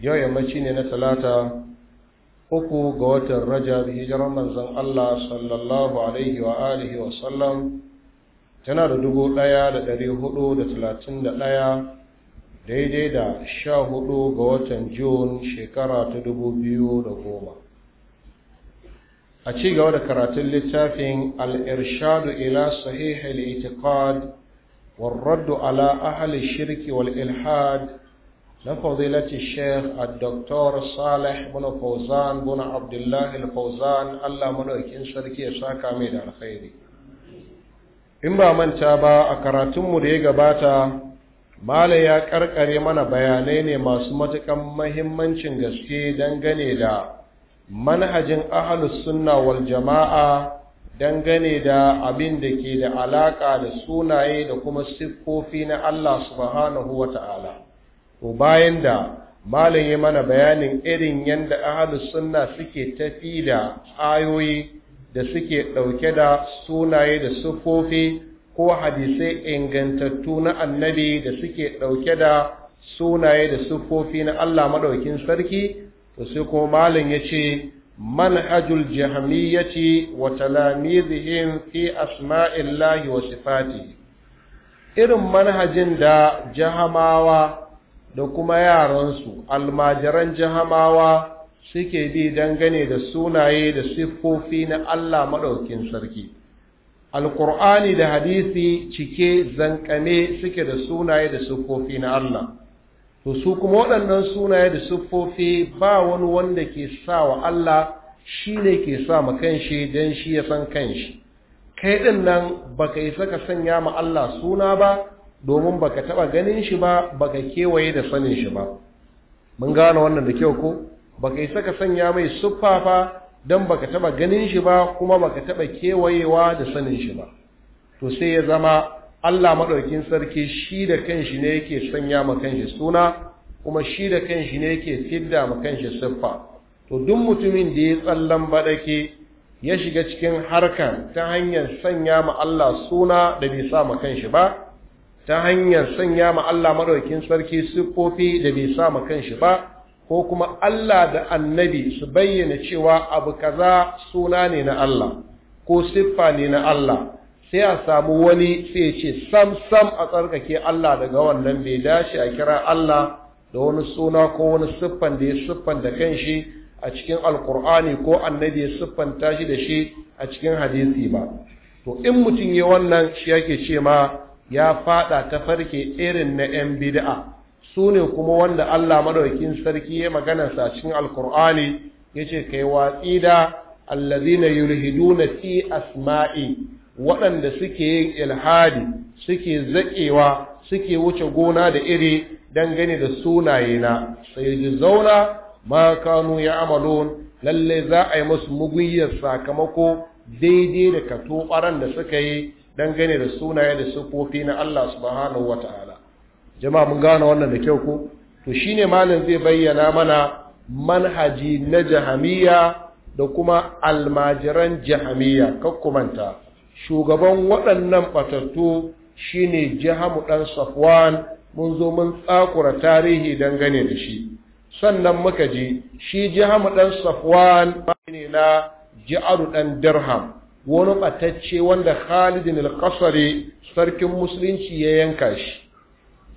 yau yammaci ne na talata uku ga watan rajab hijiran manzon Allah sallallahu alaihi wa alihi wa sallam tana da dubu ɗaya da ɗari hudu da talatin da ɗaya daidai da sha hudu ga watan Jun shekara ta dubu biyu da goma a ci gaba da karatun littafin al'irshadu ila Sahihil itikad al'itiqad ala على shirki wal Ilhad. na fadilati sheikh a doktor salih bin fauzan bin abdullahi al-fauzan allah madaukin sarki ya saka mai da alkhairi in ba manta ba a karatunmu da ya gabata Malam ya karkare mana bayanai ne masu matukan mahimmancin gaske dangane da manhajin ahalus sunna wal jama'a dangane da abin da ke da alaƙa da sunaye da kuma siffofi na Allah subhanahu wa to bayan da malam ya mana bayanin irin yadda ahalus suna suke tafi da ayoyi da suke ɗauke da sunaye da sufofi ko hadisai ingantattu na annabi da suke ɗauke da sunaye da sufofi na Allah maɗaukin sarki to sai ko malam ya ce manhajul jahmiyyati wa talamizihim fi asma'illahi wa sifati irin manhajin da jahamawa da kuma yaransu almajiran jahamawa suke bi dangane da sunaye da siffofi na Allah maɗaukin sarki alkur'ani da hadisi cike zankame suke da sunaye da siffofi na Allah to su kuma waɗannan sunaye da siffofi ba wani wanda ke sa wa Allah shi ne ke sa ma kanshi don shi ya san kanshi kai ɗin nan ba ka isa ka sanya ma Allah suna ba domin baka taɓa ganin shi ba baka kewaye da sanin shi ba mun gane wannan da kyau ko baka yi saka sanya mai siffafa don baka taɓa ganin shi ba kuma baka taɓa kewayewa da sanin shi ba to sai ya zama Allah maɗaukin sarki shi da kanshi ne yake sanya ma kanshi suna kuma shi da kanshi ne yake fidda ma kanshi siffa to duk mutumin da ya tsallan badake ya shiga cikin harkan ta hanyar sanya ma Allah suna da bai sa ma kanshi ba ta hanyar sanya ma Allah maɗaukin sarki siffofi da bai sa ma kanshi ba ko kuma Allah da annabi su bayyana cewa abu kaza suna ne na Allah ko siffa ne na Allah sai a samu wani sai ya ce sam sam a tsarkake Allah daga wannan bai dace a kira Allah da wani suna ko wani siffan da ya siffan da kanshi a cikin alkur'ani ko annabi ya siffanta shi da shi a cikin hadisi ba to in mutum ya wannan shi yake ce ma ya fada ta farke irin na 'yan bida'a, su ne kuma wanda Allah madaukin sarki ya magana sa cikin alkur'ani yace kai watsi da allazina yulhiduna fi asma'i waɗanda suke yin ilhadi suke zaƙewa, suke wuce gona da iri dangane da sunaye na, sai ji zauna ma kanu ya amalon lalle za a yi musu muguyar sakamako daidai da katobaran da suka yi dangane da sunaye da sufofi na Allah subhanahu wata'ala jama'a mun gane wannan da kyau ko to shine malam zai bayyana mana manhaji na jahamiya da kuma almajiran jahamiya kakkumanta shugaban waɗannan batattu shine jahamu dan safwan mun zo mun tsakura tarihi dangane da shi sannan muka ji shi jihamu dan safwan ne na ji'aru dan dirham wani ɓatacce wanda khalidin al sarkin musulunci ya yanka shi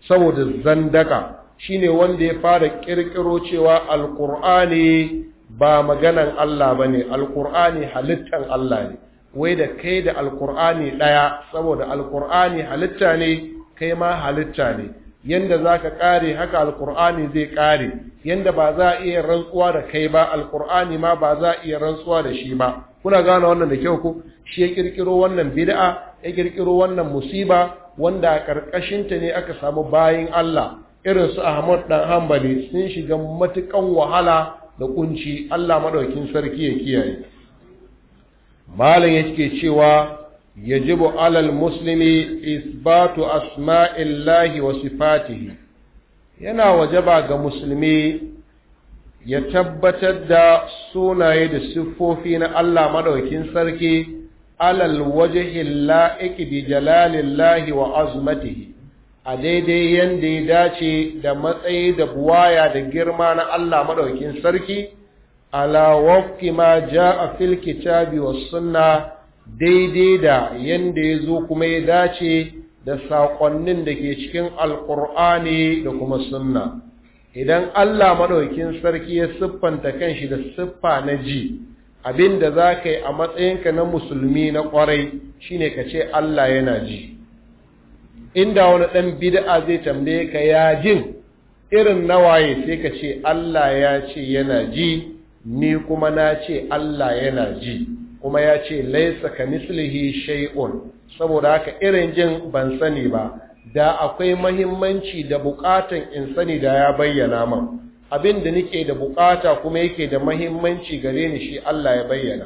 saboda zandaka shine wanda ya fara ƙirƙiro cewa alqur'ani ba maganan Allah bane alqur'ani halittan Allah ne wai da kai da alqur'ani ɗaya saboda alqur'ani halitta ne kai ma halitta ne yanda za ka ƙare haka alƙur'ani zai ƙare yanda ba za a iya rantsuwa da kai ba alƙur'ani ma ba za a iya rantsuwa da shi ba kuna gane wannan da kyau ku shi ya ƙirƙiro wannan bid'a ya ƙirƙiro wannan musiba wanda a ƙarƙashinta ne aka samu bayin Allah irin su Ahmad dan hambali sun shiga matukan wahala da kunci Allah maɗaukin sarki ya kiyaye malam yake cewa Ya يجب على المسلم إثبات أسماء الله وصفاته yana wajaba ga musulmi ya tabbatar da sunaye da siffofi na Allah maɗaukin sarki alal wajhil la'iqi bi jalalillahi wa azmatihi a daidai yanda ya dace da matsayi da buwaya da girma na Allah maɗaukin sarki ala wafki ma jaa fil kitabi was sunnah daidai da yanda ya zo kuma ya dace da saƙonnin da ke cikin alƙur'ani da kuma sunna idan Allah maɗaukin sarki ya siffanta kanshi da siffa na ji abin da za ka yi a matsayinka na musulmi na ƙwarai shine ka ce Allah yana ji inda wani ɗan bid'a zai tambaye ka ya jin irin nawaye sai ka ce Allah ya ce yana ji ni kuma na ce Allah yana ji kuma ya ce laisa ka mislihi shay'un saboda haka irin jin ban sani ba da akwai mahimmanci da bukatan in sani da ya bayyana man abin da nake da bukata kuma yake da mahimmanci gare ni shi Allah ya bayyana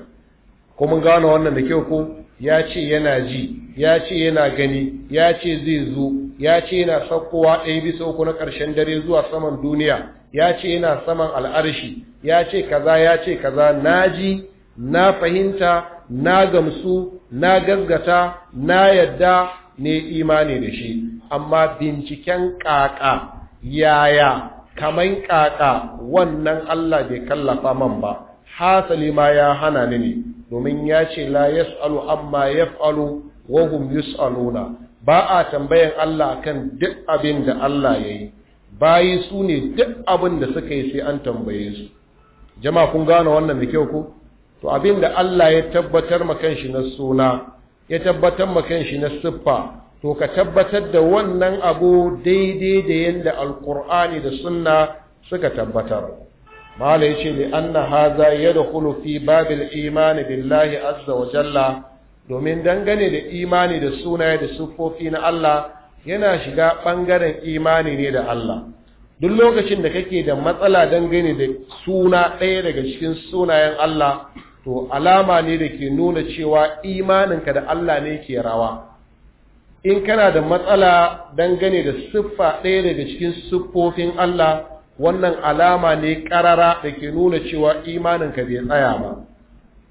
kuma gano wannan da kyau ko ya ce yana ji ya ce yana gani ya ce zai zo ya ce yana saukowa ɗaya bisa uku na ƙarshen dare zuwa saman duniya ya ce yana saman al'arshi ya ce kaza ya ce kaza naji na fahimta na gamsu na gazgata na yadda ne imani da shi amma binciken ƙaƙa yaya kaman ƙaƙa wannan Allah bai kallafa man ba hasali ma ya hana ni ne domin ya ce la yas'alu amma yaf'alu wa hum yus'aluna ba a tambayan Allah akan duk abin da Allah yayi bayi su ne duk abin da suka yi sai an tambaye su jama'a kun gane wannan da kyau ko to abin da Allah ya tabbatar makan shi na suna ya tabbatar makan shi na siffa to ka tabbatar da wannan abu daidai da yadda alkur'ani da sunna suka tabbatar mala yace li anna hadha yadkhulu fi babil iman billahi azza wa jalla domin dangane da imani da sunaye da siffofi na Allah yana shiga bangaren imani ne da Allah duk lokacin da kake da matsala dangane da suna ɗaya daga cikin sunayen Allah to alama ne da ke nuna cewa imaninka da Allah ne ke rawa in kana da matsala dangane da siffa ɗaya daga cikin siffofin Allah wannan alama ne ƙarara da ke nuna cewa imaninka bai tsaya ba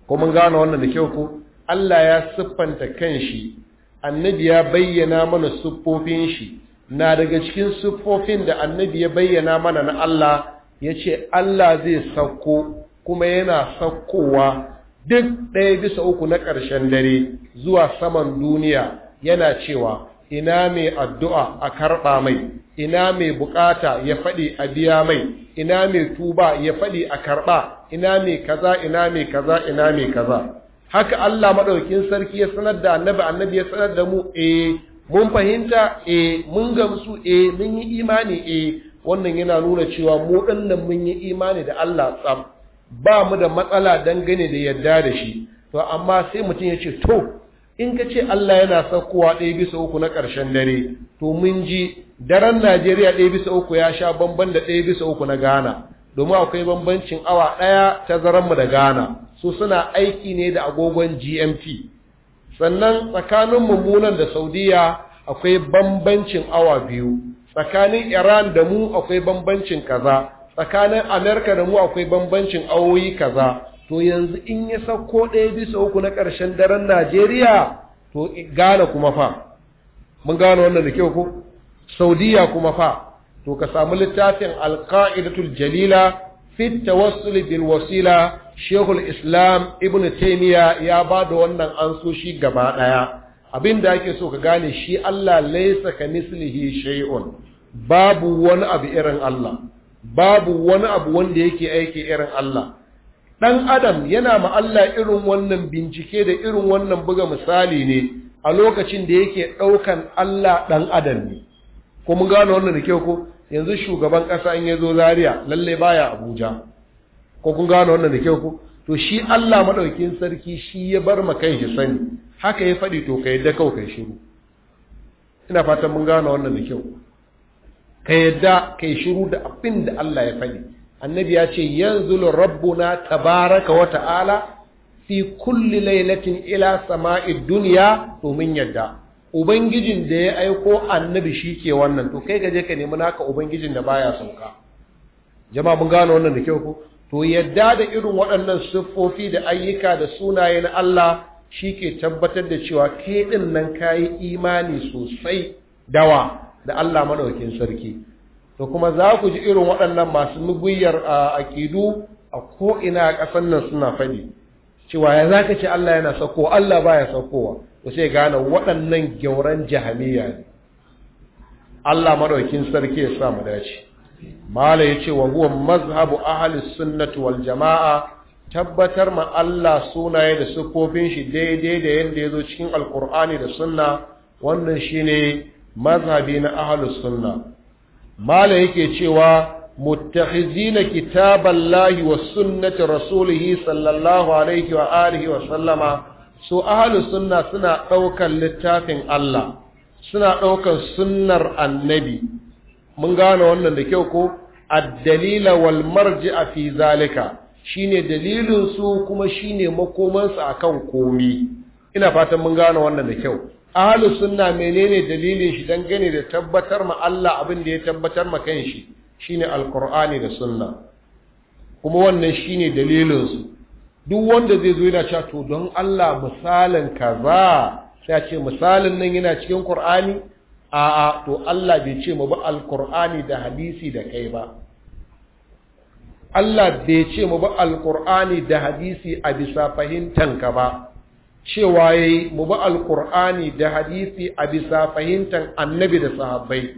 kuma mun gano wannan da kyau ko Allah ya siffanta kanshi annabi ya bayyana mana siffofin shi na daga cikin siffofin da annabi ya bayyana mana na Allah ya ce Allah zai sauko kuma yana sakkowa duk ɗaya bisa uku na ƙarshen dare zuwa saman duniya yana cewa ina mai addu'a a karɓa mai ina mai bukata ya faɗi a biya mai ina mai tuba ya faɗi a karɓa ina mai kaza ina mai kaza ina mai kaza haka Allah maɗaukin sarki ya sanar da annabi annabi ya sanar da mu eh mun fahimta eh mun gamsu eh mun yi imani eh wannan yana nuna cewa mu ɗannan mun yi imani da Allah tsam ba mu da matsala dangane da yadda da shi to amma sai mutum ya ce to in ka ce Allah yana saukowa ɗaya bisa uku na ƙarshen dare to mun ji daren Najeriya ɗaya bisa uku ya sha bamban da ɗaya bisa uku na Ghana domin akwai bambancin awa ɗaya ta zaren mu da Ghana su suna aiki ne da agogon GMT sannan tsakanin mummunan da Saudiya akwai bambancin awa biyu tsakanin Iran da mu akwai bambancin kaza tsakanin amerika da mu akwai bambancin awoyi kaza to yanzu in ya sauko ɗaya bisa uku na ƙarshen daren najeriya to gane kuma fa mun gane wannan da kyau ko saudiya kuma fa to ka samu littafin alka'idatul jalila fi tawassul bil wasila shehul islam ibnu taymiya ya ba da wannan ansoshi gaba ɗaya abin da ake so ka gane shi allah laysa ka mislihi shay'un babu wani abu irin allah babu wani abu wanda yake aiki irin Allah dan adam yana ma Allah irin wannan bincike da irin wannan buga misali ne a lokacin da yake daukan Allah dan adam ne ko mun gano wannan da kyau ko yanzu shugaban kasa in yazo Zariya lalle baya Abuja ko kun gano wannan da kyau ko to shi Allah madaukin sarki shi ya bar ma kanshi sani haka ya faɗi to kai da kau kai shiru ina fatan mun gano wannan da kyau ka yadda ka yi shiru da abin da Allah ya faɗi annabi ya ce yanzu rabbuna tabaraka wa ta'ala fi kulli lailatin ila sama'id dunya domin yadda ubangijin da ya aiko annabi shi ke wannan to kai gaje ka nemi naka ubangijin da baya sauka jama'a mun gano wannan da kyau ko to yadda da irin waɗannan siffofi da ayyuka da sunaye na Allah shi ke tabbatar da cewa ke ɗin nan kayi imani sosai dawa da Allah madaukin sarki to kuma za ku ji irin waɗannan masu a aƙidu a ko'ina a ƙasar nan suna faɗi cewa ya za ka ce Allah yana saukowa Allah baya ya saukowa ku sai gane waɗannan gyauran jahamiya ne Allah madaukin sarki ya sa mu dace mala ya ce wa huwa mazhabu ahli sunnati wal jama'a tabbatar ma Allah sunaye da sukofin shi daidai da yadda ya zo cikin alkur'ani da sunna wannan shine mazhabi na ahlus sunna mala yake cewa muttakhizina kitaballahi was sunnati rasulihi sallallahu alaihi wa alihi wa sallama su ahlus sunna suna daukan littafin Allah suna daukan sunnar annabi mun gane wannan da kyau ko ad wal marji'a fi zalika shine dalilin su kuma shine makomansu akan komi ina fatan mun gane wannan da kyau ahlu sunna menene dalilin shi dangane da tabbatar ma Allah abin da ya tabbatar ma shi, shine alqur'ani da sunna kuma wannan shine dalilin su duk wanda zai zo yana cewa to don Allah misalin kaza sai ce misalin nan yana cikin qur'ani a'a to Allah bai ce mu ba alqur'ani da hadisi da kai ba Allah bai ce mu ba alqur'ani da hadisi a bisa fahimtanka ba cewa yayi mu ba alkur'ani da hadisi a bisa fahimtar annabi da sahabbai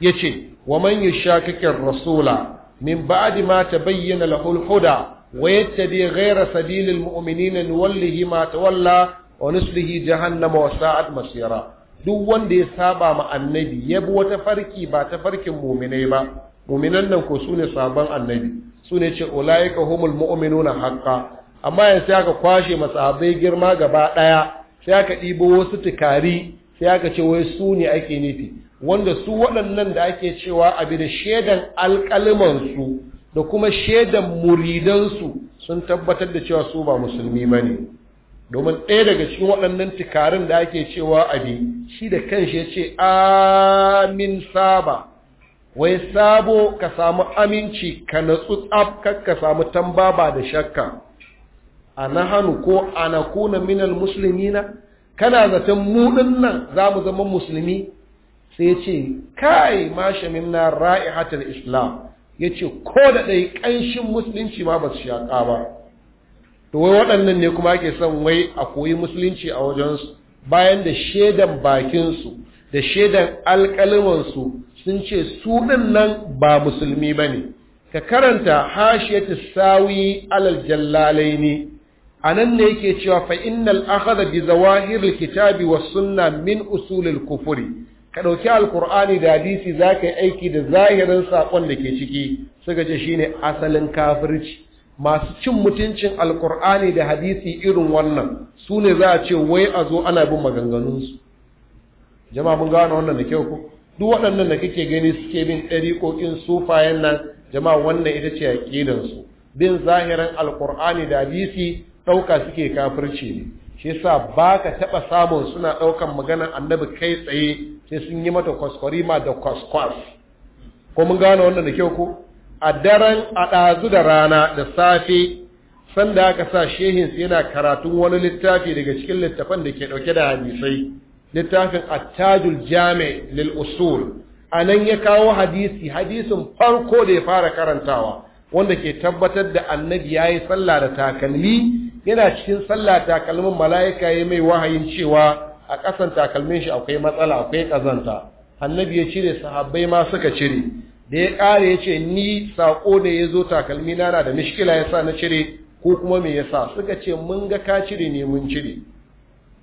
yace wa man yushakikir rasula min ba'di ma tabayyana lahu al-huda wa gaira ghayra sabilil mu'minina wallahi ma walla? wa nuslihi jahannama wa sa'at masira duk wanda ya saba ma annabi ya bi wata farki ba ta farkin muminai ba muminan nan ko ne sabon annabi ne ce ulaika humul mu'minuna haqqan amma yanzu sai aka kwashe masahabai girma gaba ɗaya sai aka ɗibo wasu tukari sai aka ce wai su ne ake nufi wanda su waɗannan da ake cewa abi da shaidan su da kuma shaidan muridansu sun tabbatar da cewa su ba musulmi ba ne domin ɗaya daga cikin waɗannan tukarin da ake cewa abi shi da kanshi ya ce amin saba wai sabo ka samu aminci ka natsu tsaf ka samu tambaba da shakka a nahanu ko ana kuna minal musulmina kana zaton mu nan za mu zama musulmi sai ya ce kai ma minna ra'ihatul islam Ya ce ko da dai kanshin musulunci ma ba su shaka ba to wai waɗannan ne kuma ake son wai a koyi musulunci a wajensu bayan da shaidan bakinsu da shaidan su sun ce su nan ba musulmi ba ne ka karanta hashiyatu sawi alal ne. a nan ne yake cewa fa innal akhadha bi zawahiril kitabi was sunna min usulil kufuri ka dauki alqur'ani da hadisi zaka yi aiki da zahirin sakon da ke ciki suka ce shine asalin kafirci masu cin mutuncin alqur'ani da hadisi irin wannan su ne za a ce wai a zo ana bin maganganunsu jama'a mun gano wannan da kyau ko duk waɗannan da kake gani suke bin ɗariƙoƙin sufayen nan jama'a wannan ita ce aƙidansu bin zahirin alqur'ani da hadisi ɗauka suke kafirci ne shi yasa ba ka taɓa samun suna ɗaukan maganar annabi kai tsaye sai sun yi mata kwaskwarima da kwaskwas ko mun gane wannan da kyau ko a daren a ɗazu da rana da safe sanda aka sa shehin shehinsu yana karatun wani littafi daga cikin littafan da ke ɗauke da hadisai littafin attajul jami lil usul a nan ya kawo hadisi hadisin farko da ya fara karantawa wanda ke tabbatar da annabi ya yi sallah da takalmi yana cikin sallah takalmin mala'ika ya mai wahayin cewa a kasan takalmin shi akwai matsala akwai kazanta. annabi ya cire sahabbai ma suka cire da ya kare ya ce ni sako ne ya zo takalmi na da mishkila ya sa na cire ko kuma me yasa suka ce mun ga ka cire ne mun cire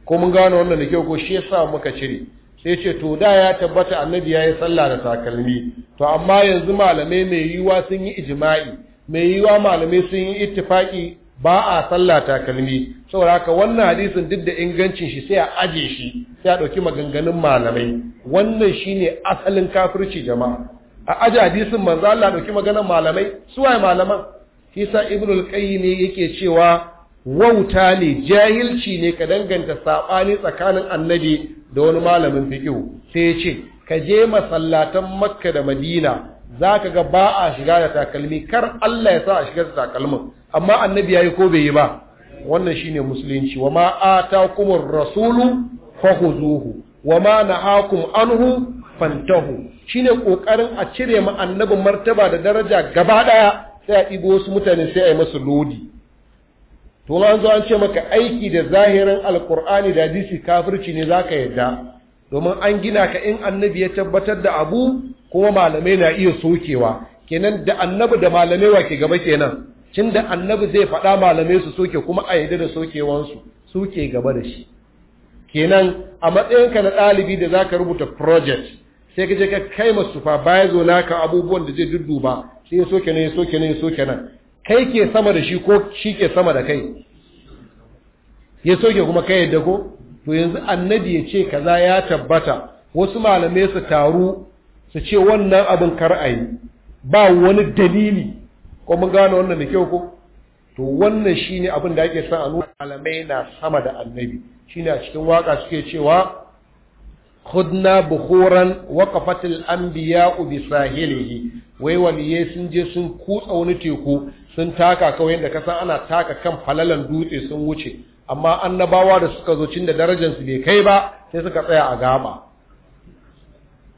ko mun gano wannan da kyau ko shi yasa muka cire sai ce to da ya tabbata annabi ya yi sallah da takalmi to amma yanzu malamai mai yiwuwa sun yi ijma'i mai yiwuwa malamai sun yi ittifaki ba a sallah takalmi saboda haka wannan hadisin duk da ingancin shi sai a aje shi sai a ɗauki maganganun malamai wannan shine asalin kafirci jama'a a aje hadisin manzo Allah ɗauki maganar malamai su waye malaman Isa ibnu al-qayyim yake cewa wauta ne jahilci ne ka danganta saɓani tsakanin annabi da wani malamin fiqh sai ya ce ka je masallatan makka da madina za ka ga ba a shiga da takalmi kar Allah ya sa a shiga da takalmin amma annabi ya yi ko bai yi ba wannan shine musulunci wa ma atakumur rasulu fakhuzuhu wa ma nahakum anhu fantahu shine ƙoƙarin a cire ma annabin martaba da daraja gaba ɗaya sai a ɗigo wasu mutane sai a yi masu lodi to an zo an ce maka aiki da zahirin alkur'ani da hadisi kafirci ne zaka yadda domin an gina ka in annabi ya tabbatar da abu kuma malamai na iya sokewa kenan da annabi da malamai wa ke gaba kenan cin da annabi zai faɗa malamai su soke kuma a yadda da sokewansu suke gaba da shi kenan a matsayinka na ɗalibi da za ka rubuta project sai ka je ka kai masu fa baya zo naka abubuwan da zai dudduba sai ya soke nan ya soke nan ya soke nan kai ke sama da shi ko shi ke sama da kai ya soke kuma kai yadda ko to yanzu annabi ya ce kaza ya tabbata wasu malamai su taru su ce wannan abin kar ba wani dalili ko mun gane wannan da kyau ko to wannan shine abin da ake son a nuna malamai na sama da annabi shine a cikin waka suke cewa khudna bukhuran waqafat al-anbiya bi sahilihi wai sun je sun kutsa wani teku sun taka kawai da kasan ana taka kan falalan dutse sun wuce amma annabawa da suka zo cin da su bai kai ba sai suka tsaya a gaba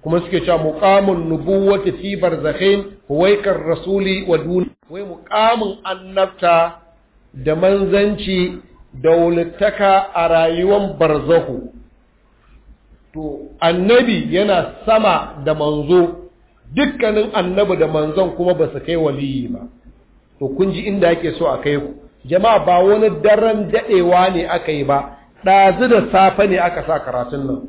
kuma suke cewa muqamun nubuwati fi barzakhin waikar rasuli wa dun wai muqamun annabta da manzanci da wulutaka a rayuwar barzahu to annabi yana sama da manzo dukkanin annabi da manzon kuma ba su kai waliyi ba to kun ji inda ake so a kai ku jama'a ba wani daren daɗewa ne aka yi ba ɗazu da safe ne aka sa karatun nan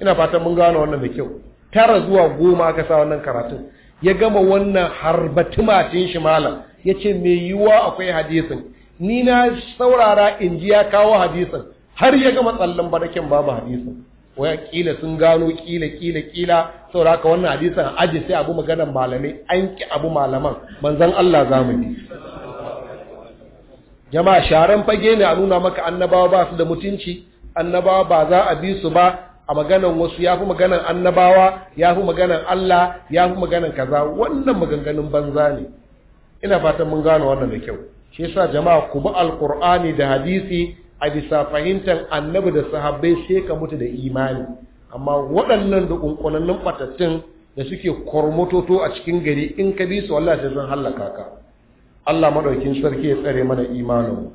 ina fatan mun gano wannan da kyau tara zuwa goma aka sa wannan karatun ya gama wannan harbatumatin shi malam ya ce mai yiwuwa akwai hadisin ni na saurara in ji ya kawo hadisin har ya gama tsallan barakin babu hadisin waya kila sun gano kila kila kila saboda haka wannan hadisin aji sai abu maganan malamai an ki abu malaman manzon Allah zamu jama'a sharan fage ne a nuna maka annabawa ba su da mutunci annabawa ba za a bi su ba a maganan wasu ya fi maganan annabawa ya fi maganan Allah ya fi maganan kaza wannan maganganun banza ne ina fatan mun gano wannan da kyau shi yasa jama'a ku bi alqur'ani da hadisi a bisa fahimtar annabi da sahabbai sai ka mutu da imani amma waɗannan da kunkunannin batattun da suke kormototo a cikin gari in ka bi su wallahi sai sun hallaka ka Allah maɗaukin sarki ya tsare mana imanin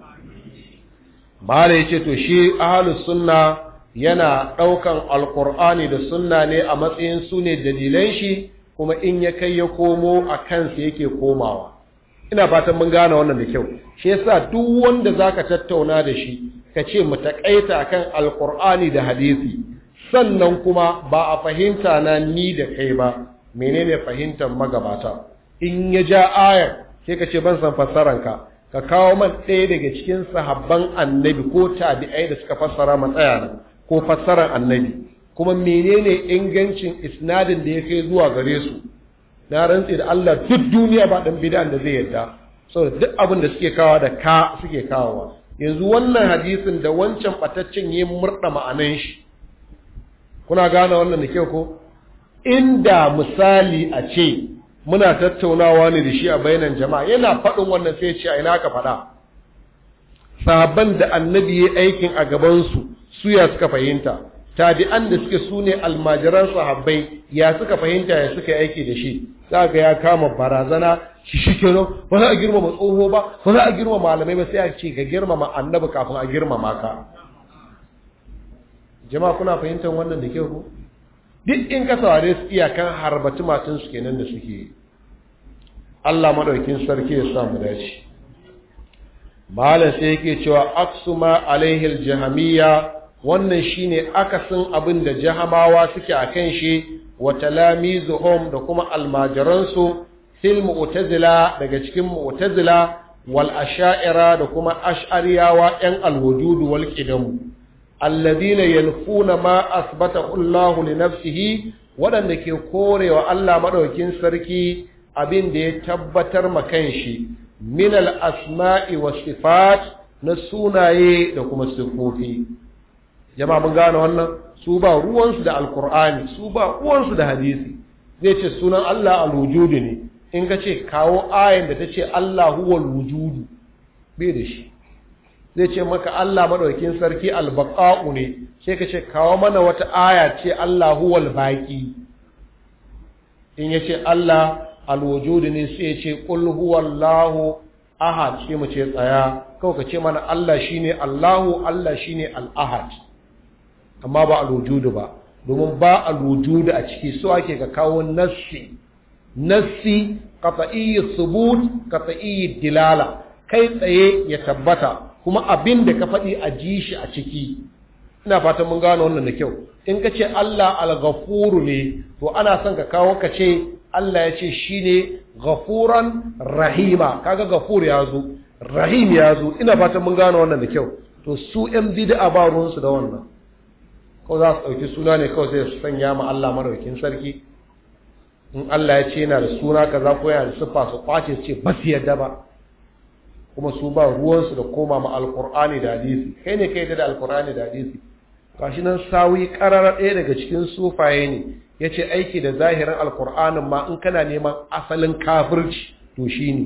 mala yace to shi ahlus sunna yana ɗaukan alqur'ani da sunna ne a matsayin su ne dalilan shi kuma in ya kai ya komo a kansa yake komawa ina fatan mun gane wannan da kyau shi yasa duk wanda zaka tattauna da shi ka ce mu takaita kan alqur'ani da hadisi sannan kuma ba a fahimta na ni da kai ba menene fahimtar magabata in ya ja ayar sai ka ce ban san fassaranka ka kawo man ɗaya daga cikin sahabban annabi ko tabi'ai da suka fassara matsaya tsaya nan ko fassaran annabi kuma menene ingancin isnadin da ya kai zuwa gare su na rantse da Allah duk duniya ba dan bid'an da zai yarda saboda duk abin da suke kawo da ka suke kawowa yanzu wannan hadisin da wancan bataccen yin murda ma'anan shi kuna gane wannan da kyau ko inda misali a ce muna tattaunawa ne da shi a bainan jama'a yana faɗin wannan sai ce a ina ka faɗa sahabban da annabi ya aikin a gabansu su ya suka fahimta tabi'an da suke sune ne almajiran sahabbai ya suka fahimta ya suka aiki da shi za ga ya kama barazana shi shi ke ba za a girmama tsoho ba ba za a girmama malamai ba sai a ce ka girmama annabi kafin a girmama ka jama'a kuna fahimtar wannan da ke ku duk in ka saurare su iyakan harbaci matansu kenan da suke Allah maɗaukin sarki ya sa mu dace malam sai yake cewa aksuma alaihil Jahamiya wannan shine akasin abin da jahamawa suke akan shi wa talamizuhum da kuma almajiransu fil mu'tazila daga cikin mu'tazila wal asha'ira da kuma ash'ariyawa yan alwujud wal qidam alladina yanfuna ma asbata Allahu li nafsihi waɗanda ke korewa Allah madaukin sarki abinda ya tabbatar ma kanshi min al asma'i was sifat na sunaye da kuma sifofi jama'a mun gane wannan su ba ruwansu da alqur'ani su ba ruwansu da hadisi zai ce sunan Allah al-wujudu ne in ka ce kawo ayin da ta ce Allah huwal wujudu bai da shi zai ce maka Allah madaukin sarki albaqa'u ne sai ka ce kawo mana wata aya ce Allah huwal baqi in yace Allah alwujud ne sai yace ce qul huwallahu ahad sai mu ce tsaya kawai ka ce mana Allah shine Allahu Allah shine al-ahad amma ba alwujud ba domin ba alwujud a ciki so ake ka kawo nassi nassi qat'i thubut qat'i dilala kai tsaye ya tabbata kuma abin da ka faɗi a ji shi a ciki ina fatan mun gano wannan da kyau in ka ce Allah al-ghafuru ne to ana son ka kawo ka ce Allah ya ce shi ne ghafuran rahima kaga ghafur ya zo rahim ya zo ina fatan mun gano wannan da kyau to su yan bid'a ba ruwan su da wannan ko za su dauki suna ne kawai sai su sanya ma Allah maraukin sarki in Allah ya ce yana da suna kaza ko yana da siffa su kwace su ce ba su yarda ba kuma su ba ruwansu da koma ma alkur'ani da hadisi kai ne kai da alkur'ani da hadisi gashi nan sawi karara ɗaya daga cikin sufaye ne ya ce aiki da zahirin alkur'anin ma in kana neman asalin kafirci to shi ne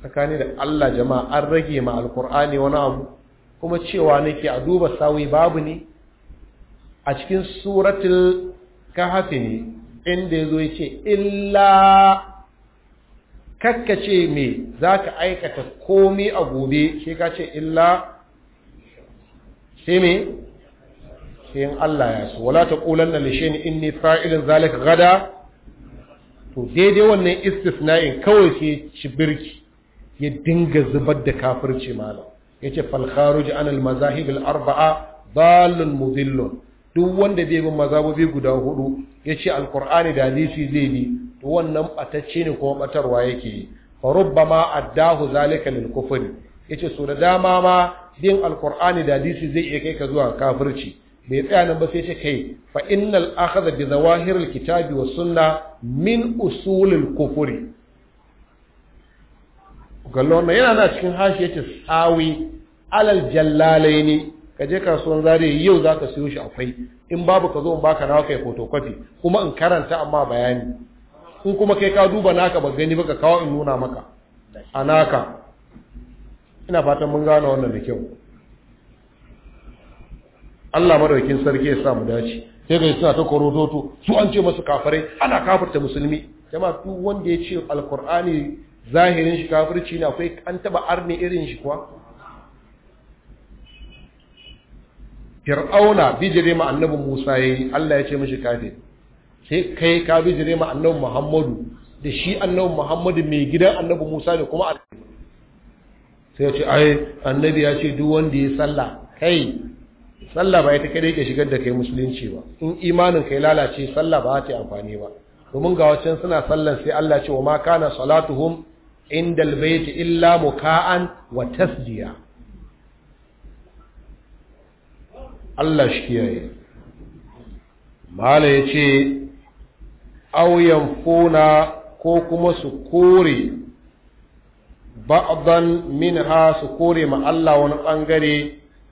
tsakani da allah jama'a an rage ma alkur'ani wani abu kuma cewa nake a duba sawi babu ne a cikin suratul kahafi ne inda yazo yace illa kakkace me za ka aikata komi a gobe sai ka ce illa sai me sai in Allah ya so wala ta ƙulan na lishe ni inni fa'ilin zalika gada to daidai wannan istisna'in kawai sai ci birki ya dinga zubar da kafirci malam ya ce falkharuji an almazahib arba'a dalun mudillun duk wanda bai bin mazabobi guda hudu ya ce alkur'ani da hadisi zai bi to wannan batacce ne kuma batarwa yake yi fa rubbama addahu zalika lil kufr yace so da dama ma din alqur'ani da hadisi zai iya kai ka zuwa kafirci bai tsaya nan ba sai ta kai fa innal akhadha bi zawahir kitabi was sunna min usulil kufri gallo yana na cikin hashi yace sawi alal jallalaini ka je kasuwan zare yau zaka siyo shi akwai in babu ka zo in baka rawa kai photocopy kuma in karanta amma bayani in kuma kai ka duba naka ba gani ba ka kawo in nuna maka a naka ina fatan mun gane wannan da kyau Allah madaukin sarki ya sa mu dace sai ga suna ta korototo, su an ce masu kafirai ana kafirta musulmi jama'a duk wanda ya ce alkur'ani zahirin shi kafirci ne akwai an taba arne irin shi kuwa fir'auna bijire ma annabi Musa yayi Allah ya ce mishi kafir sai kai ka bijire ma annabi Muhammadu da shi annabi Muhammadu mai gidan annabi Musa ne kuma sai ya ce ai annabi ya ce duk wanda ya sallah kai sallah ba ita kada yake shigar da kai musulunci ba in imanin kai lalace sallah ba ta amfani ba domin ga wacce suna sallan sai Allah ce wa ma kana salatuhum indal bayti illa muka'an wa tasdiya Allah shi kiyaye mala yace auyan funa ko kuma su kore ba'dan minha su kore ma Allah wani bangare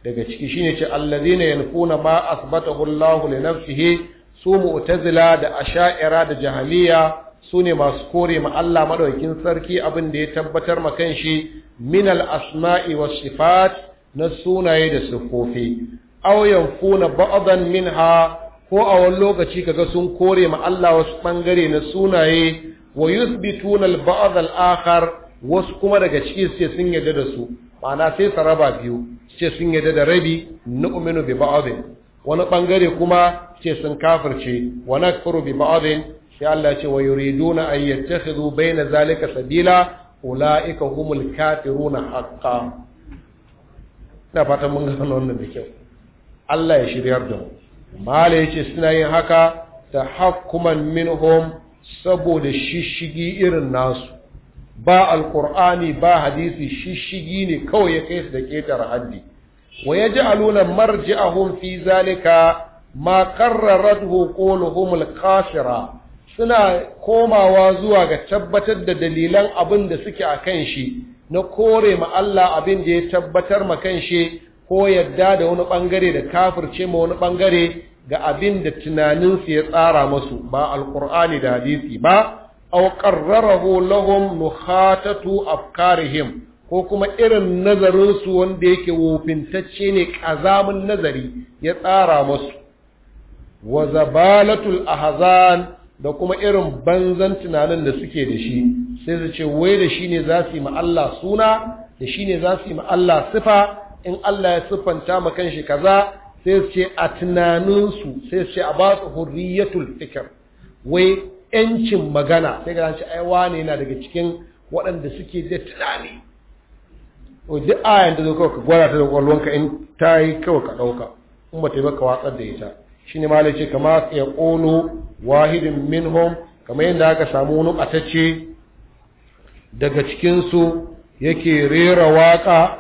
daga ciki shine ce allazina yanfuna ma asbatahu Allah li nafsihi su mu'tazila da asha'ira da su sune masu kore ma Allah maɗaukin sarki abin da ya tabbatar ma kanshi min al'asma'i asmai was sifat na sunaye da sifofi aw funa ba'dan minha ko a wani lokaci kaga sun kore ma Allah wasu bangare na sunaye wa yuthbituna al-ba'd al-akhar wasu kuma daga ciki sai sun yadda da su ma'ana sai saraba biyu ce sun yadda da rabi nu'minu bi ba'dhin wani bangare kuma ce sun kafirce wa nakfuru bi ba'dhin sai Allah ya ce wa yuriduna an yattakhidhu bayna zalika sabila ulaika humul kafiruna haqqan ina fatan mun ga wannan da kyau Allah ya shiryar da mu mala ce suna yin haka ta hakkuman minhum saboda shishigi irin nasu ba alƙur'ani ba hadisi shishigi ne kawai ya kai su da ketar haddi wa ya ji yaj'aluna marji'ahum fi zalika ma qarraratuhu qawluhum al suna komawa zuwa ga tabbatar da dalilan abin da suke a kan shi na kore ma Allah abin da ya tabbatar ma kan shi ko yadda da wani bangare da kafirce ma wani bangare ga abin da tunaninsu ya tsara masu ba alkur'ani da hadisi ba aw qarrarahu lahum nukhatatu afkarihim ko kuma irin nazarin su wanda yake wofintacce ne kazamin nazari ya tsara masu wa zabalatul ahzan da kuma irin banzan tunanin da suke da shi sai su ce wai da shine za su yi ma Allah suna da shine za su yi ma Allah sifa in Allah ya siffanta ma shi kaza sai su ce a tunaninsu sai su ce a ba su hurriyatul fikr wai yancin magana sai ga shi ai wane yana daga cikin waɗanda suke da tunani to duk ayan da zo kawai ka gwada ta da kwallonka in ta yi kawai ka ɗauka in ba ta yi maka watsar da ita ne malai ce kama ya ƙono wahidin minhum kamar yadda aka samu wani ɓatacce daga cikinsu yake rera waƙa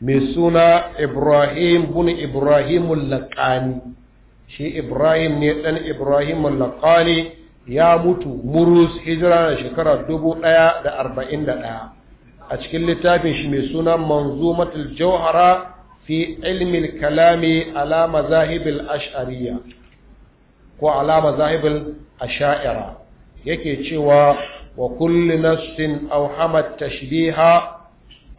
mai suna ibrahim bin ibrahim laƙani shi ibrahim ne ɗan ibrahim laƙani ya mutu murus hijira na shekara dubu ɗaya da arba'in da ɗaya a cikin littafin shi mai suna manzumatul jauhara fi ilmin kalami alama zahibil ash'ariya ko alama zahibil asha'ira yake cewa wa kulli nafsin aw tashbiha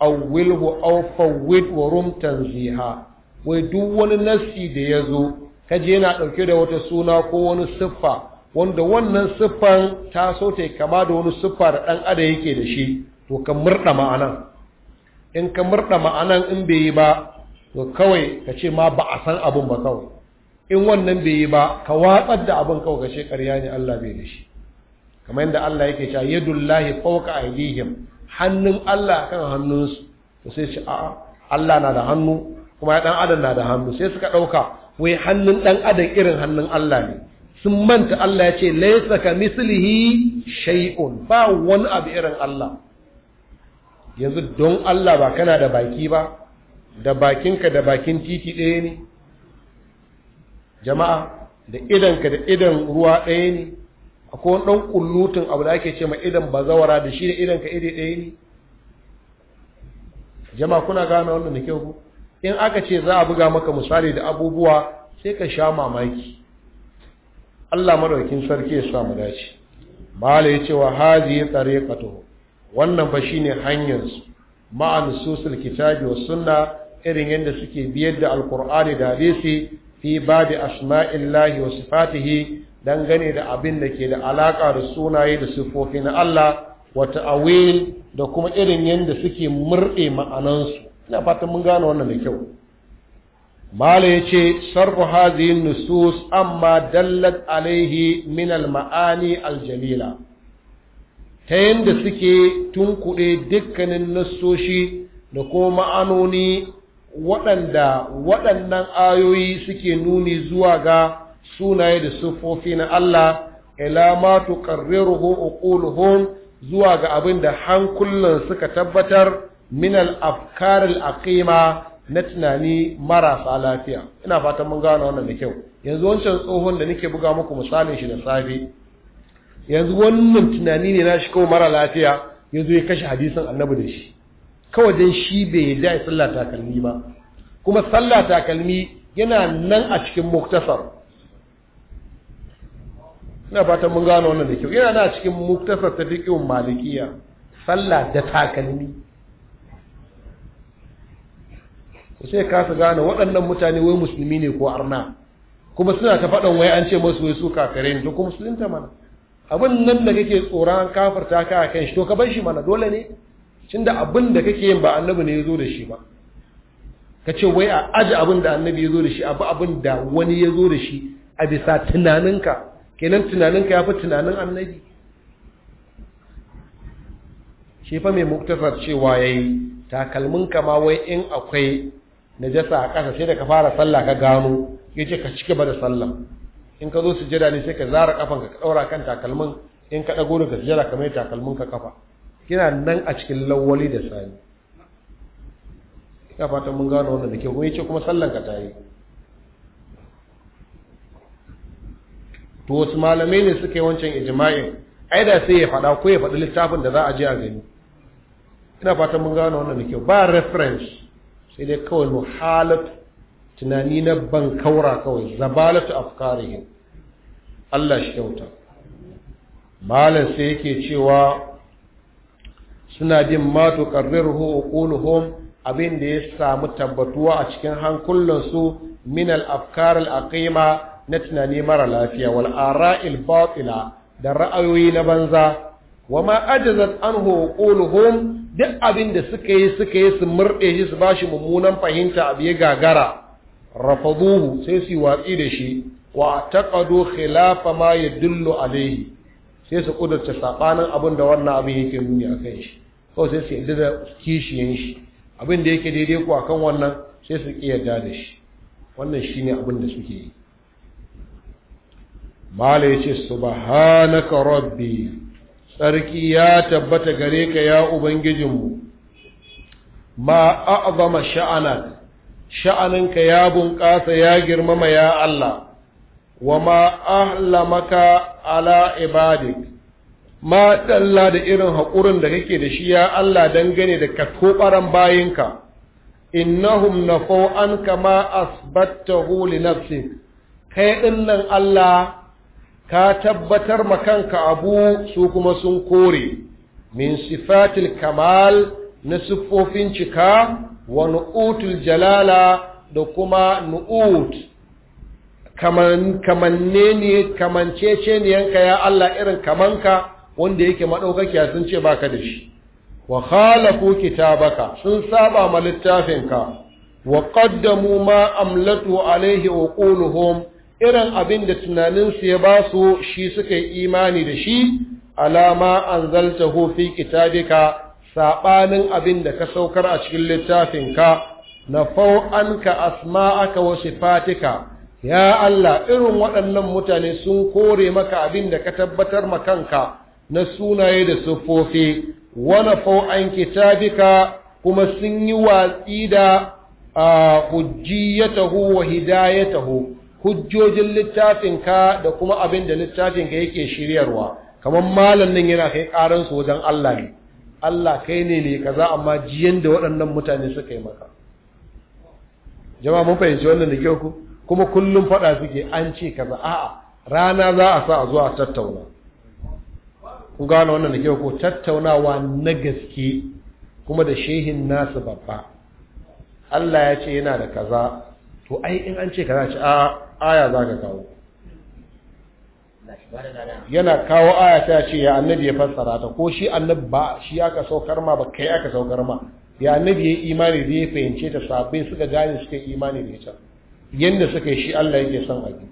awwilhu aw fawwid wa rum tanziha wai duk wani nassi da ya zo kaje yana ɗauke da wata suna ko wani siffa wanda wannan siffan ta so ta kama da wani siffa da ɗan ada yake da shi to ka murɗa ma'anan in ka murɗa ma'anan in bai yi ba to kawai ka ce ma ba a san abin ba kawai in wannan bai yi ba ka watsar da abin kawai ka ce ƙarya ne Allah bai da shi kamar yadda Allah yake cewa yadullahi fawqa aydihim hannun Allah kan hannunsu to sai shi a'a Allah na da hannu kuma ɗan adam na da hannu sai suka ɗauka wai hannun ɗan adam irin hannun Allah ne sun manta Allah ya ce laysa ka mislihi shay'un ba wani abu irin Allah yanzu don Allah ba kana da baki ba da bakinka da bakin titi ɗaya ne jama'a da idanka da idan ruwa ɗaya ne akwai wani ɗan ƙullutun abu da ake ce ma idan zawara da shi da idan ka iri ɗaya ne jama kuna gane wannan da kyau ku in aka ce za a buga maka misali da abubuwa sai ka sha mamaki Allah maɗaukin sarki ya samu dace mala ya ce wa hazi kato wannan ba fa shine hanyar su ma'an susul kitabi wa sunna irin yadda suke biyar da Alkur'ani da hadisi fi ba babi asma'illahi wa sifatihi dangane da abin da ke da alaƙa da sunaye da siffofi na Allah wata awe da kuma irin yadda suke murɗe ma'anansu ina fata mun gane wannan da kyau mala yace sarfu hazin nusus amma dallat alaihi min al-ma'ani al-jalila ta yadda suke tunkuɗe dukkanin nassoshi da kuma ma'anoni waɗanda waɗannan ayoyi suke nuni zuwa ga sunaye da siffofi na Allah ila ma tuqarriruhu uquluhum zuwa ga abin da hankulan suka tabbatar min al-afkar al-aqima na tunani marasa lafiya ina fatan mun gane wannan da kyau yanzu wancan tsohon da nake buga muku misalin shi da safe yanzu wannan tunani ne na shi kawai mara lafiya yanzu ya kashe hadisin annabi da shi kawai dan shi bai yi da sallah takalmi ba kuma sallah takalmi yana nan a cikin muktasar ina fatan mun gano wannan da kyau yana da cikin muktasar ta fiqhun malikiya sallah da takalmi sai ka su gane waɗannan mutane wai musulmi ne ko arna kuma suna ta faɗan wai an ce masu wai su kafirai ne to kuma musulunta mana abin nan da kake tsoron kafarta ka a kan shi to ka bar shi mana dole ne cin da abin da kake yin ba annabi ne ya zo da shi ba ka ce wai a aji abin da annabi ya zo da shi a ba abin da wani ya zo da shi a bisa tunaninka kenan tunaninka ya fi tunanin annabi shi fa mai muktasar cewa ya yi takalminka ma wai in akwai na jasa a ƙasa sai da ka fara sallah ka gano ya ce ka ci gaba da sallah in ka zo su jira ne sai ka zara kafan ka ɗaura kan takalmin in ka ɗago daga sujada ka mai takalmin ka kafa kina nan a cikin lawali da sani ya fatan mun gano wanda da ke kuma ya ce kuma sallan ka ta yi to wasu malamai ne suka yi wancan ijma'in ai da sai ya faɗa ko ya faɗi littafin da za a je a gani ina fatan mun gano wannan da kyau ba reference sai dai kawai muhalat tunani na ban kaura kawai zabalatu afkarihi Allah shi kyauta malam sai yake cewa suna bin ma tuqarriruhu uquluhum abin da ya samu tabbatuwa a cikin hankulansu min al afkar al aqima na tunani mara lafiya wal ara'il batila da ra'ayoyi na banza wa ma ajazat anhu quluhum duk abin da suka yi suka yi su murde shi su bashi mummunan fahimta abu ya gagara rafaduhu sai su watsi da shi wa taqadu khilafa ma yadullu alayhi sai su kudurta sabanin abin da wannan abin yake nuni akan shi kawai sai su yadda da kishiyan shi abin da yake daidai ko akan wannan sai su kiyarda da shi wannan shine abin da suke yi mala ya ce subhanaka rabbi tsarki ya tabbata gare ka ya ubangijinmu ma a'zama sha'anat. sha'aninka ya bunƙasa ya girmama ya Allah wa ma ahlamaka ala ibadik ma ɗalla da irin haƙurin da kake da shi ya Allah dangane da toɓaran bayinka innahum na an kama asbattahu holi nafsi kai ɗin nan Allah ka tabbatar ma kanka abu su kuma sun kore min sifatil kamal na siffofin cika wa nu'utul jalala da kuma nu'ut kamanne ne kamancece ne yanka ya Allah irin kamanka wanda yake maɗaukakiya sun ce baka da shi wa khalafu kitabaka sun saba ma littafinka wa qaddamu ma amlatu wa uquluhum irin abin da tunaninsu ya ba su shi suka yi imani da shi alama an zalta hofi kitabika saɓanin abin da ka saukar a cikin littafinka na asma aka wasu Fatika. ya Allah irin waɗannan mutane sun kore maka abin da ka tabbatar makanka na sunaye da wani wana fau'an kitabika kuma sun yi watsi da taho wa taho. hujjojin littafinka da kuma abin da littafinka yake shiryarwa kamar malam nan yana kai karan su wajen Allah ne Allah kai ne ne kaza amma jiyan da waɗannan mutane suka yi maka jama'a mun fahimci wannan da kyau kuma kullum faɗa suke an ce kaza a'a rana za a sa a zuwa tattauna kun gano wannan da kyau ko tattaunawa na gaske kuma da shehin nasu babba Allah ya ce yana da kaza to ai in an ce kaza ci a aya za ka kawo yana kawo aya ta ce ya annabi ya fassara ta ko shi annabi ba shi aka saukar ma ba kai aka saukar ma ya annabi ya imani da ya fahimce ta sabbin suka gane suka yi imani da ita yanda suka yi shi Allah yake son abi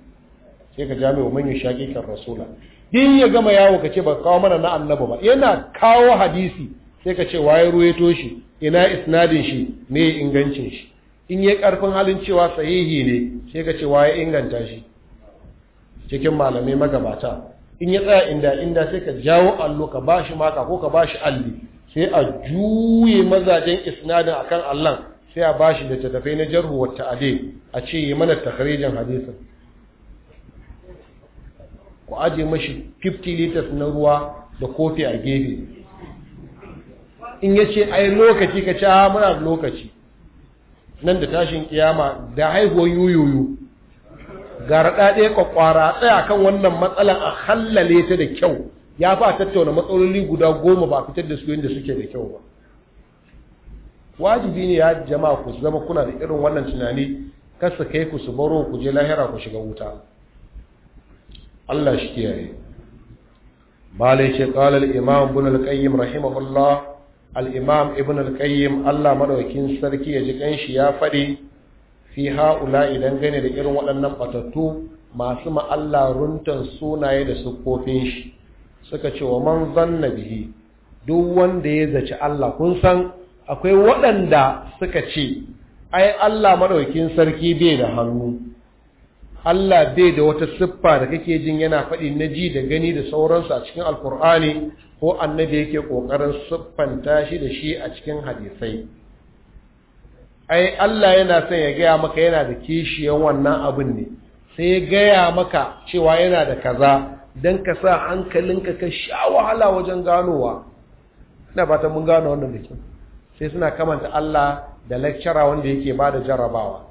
sai ka jami wa manyan shakikan rasula din ya gama yawo ka ce ba kawo mana na annabi ba yana kawo hadisi sai ka ce waye ruwaito shi ina isnadin shi me ingancin shi in yi karfin halin cewa sahihi ne sai ka ce ya inganta shi cikin malamai magabata in ya tsaya inda inda sai ka jawo allo ka bashi maka ko ka bashi alli sai a juye mazajen isnadin akan allan sai a bashi littattafai na jarhu wa ta'adil a ce yi mana takharijin hadisin ku aje mashi 50 liters na ruwa da kofi a gefe in ya ce ai lokaci ka ci muna lokaci nan da tashin kiyama da haihuwar yoyoyo ga raɗa ɗaya a tsaya kan wannan matsalar a hallale ta da kyau ya fa tattauna matsaloli guda goma ba fitar da su yadda suke da kyau ba wajibi ne ya jama'a ku zama kuna da irin wannan tunani kasa kai ku su baro ku je lahira ku shiga wuta Allah shi kiyaye malai ce qala al imam ibn al qayyim rahimahullah al-imam ibn al-qayyim Allah Maɗaukin sarki ya ji kanshi ya faɗi fi haula idan gane da irin waɗannan batattu masu ma'alla runtan sunaye da siffofin shi suka ce wa man zanna bihi duk wanda ya zaci Allah kun san akwai waɗanda suka ce ai Allah Maɗaukin sarki bai da hannu Allah bai da wata siffa da kake jin yana faɗi na ji da gani da sauransu a cikin alkur'ani ko annabi yake kokarin siffanta shi da shi a cikin hadisai ai Allah yana son ya gaya maka yana da kishiyan wannan abin ne sai ya gaya maka cewa yana da kaza don ka sa hankalinka ka sha wahala wajen ganowa ina ta mun gano wannan da sai suna kamanta Allah da lecturer wanda yake ba da jarrabawa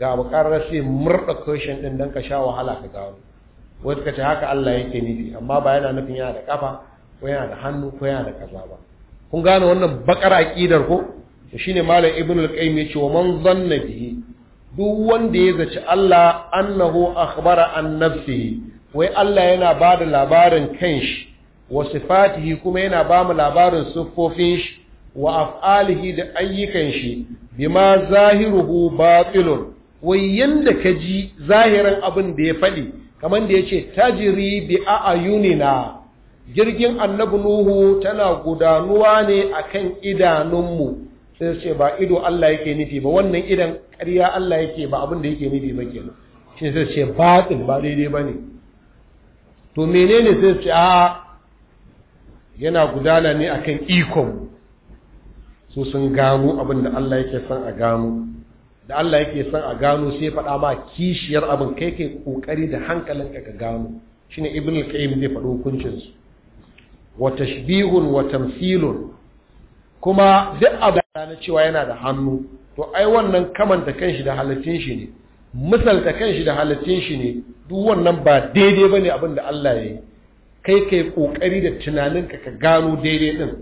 ga bukarar sai murɗa cushion ɗin don ka sha wahala ka gano wai suka ce haka Allah yake nufi amma ba yana nufin yana da kafa ko yana da hannu ko yana da kaza ba kun gane wannan bakar aqidar ko to shine malam ibnu al-qayyim yace wa man zanna bihi duk wanda ya zaci Allah annahu akhbara an nafsihi wai Allah yana ba da labarin kanshi wa sifatihi kuma yana ba mu labarin siffofin shi wa af'alihi da ayyukan shi bima zahiruhu batilun wai yanda ka ji zahirin abin da ya faɗi kamar da ya ce tajiri bi a'yunina jirgin annabi nuhu tana gudanuwa ne akan idanunmu sai ce ba ido Allah yake nufi ba wannan idan ƙarya Allah yake ba abin da yake nufi ba nan. shi sai ce ɗin ba daidai ba ne to menene sai ce a yana gudana ne akan ikon su sun gano abin da Allah yake son a gano da Allah yake son a gano sai faɗa ma kishiyar abin kai kai ƙoƙari da hankalinka ka gano shine ibn al-qayyim zai faɗo hukuncinsu wa tashbihun watamsilun. kuma duk abu na cewa yana da hannu to ai wannan kamanta kanshi da halittun shi ne misalta kanshi da halittun shi ne duk wannan ba daidai ba ne abin da Allah ya kai kai kokari da tunaninka ka gano daidai din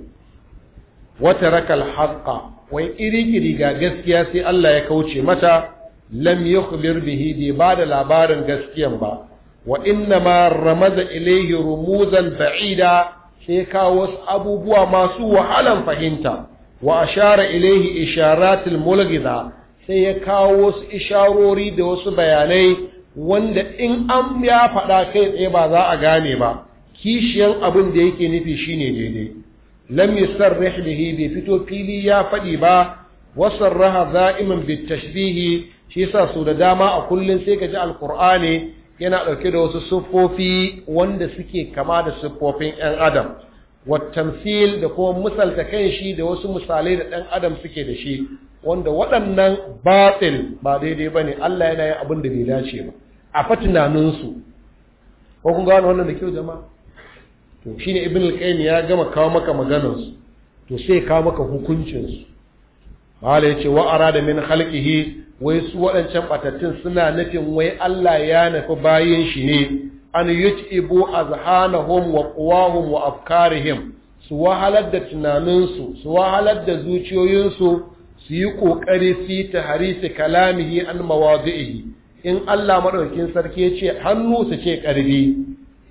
wata rakal haqqa wai iri-iri ga gaskiya sai Allah ya kauce mata lam yukhbir bihi bi ba da labarin gaskiyan ba wa inna ma ramaza ilayhi rumuzan ba'ida sai kawo wasu abubuwa masu wahalan fahimta wa ashara ilaihi isharatul mulghiza sai ya kawo wasu isharori da wasu bayanai wanda in an ya faɗa kai tsaye ba za a gane ba kishiyan abin da yake nufi shine daidai lam yusarrih bihi bai fito fili ya faɗi ba wasarraha za'iman bit tashbihi shi yasa su da dama a kullun sai ka ji Alƙur'ani. yana ɗauke da wasu siffofi wanda suke kama da siffofin ‘yan adam fil da kuma misalta kan shi da wasu misalai da ɗan adam suke da shi wanda waɗannan batil ba daidai ba ne Allah yana yin abin da bai dace ba a fa tunaninsu ko kun gano wannan da kyau jama? to shine ibn al-qayyim ya gama kawo maka maganarsu to sai kawo maka hukuncinsu mahala ya ce wa'ara da min halƙihi wai su waɗancan ɓatattun suna nufin wai Allah ya nufi bayan shi ne an yut'ibu azhanahum wa quwahum wa afkarihim su wahalar da tunaninsu su wahalar da zuciyoyinsu su yi ƙoƙari su yi su kalamihi an mawazi’ihi, in Allah maɗaukin sarki ya ce hannu su ce ƙarfi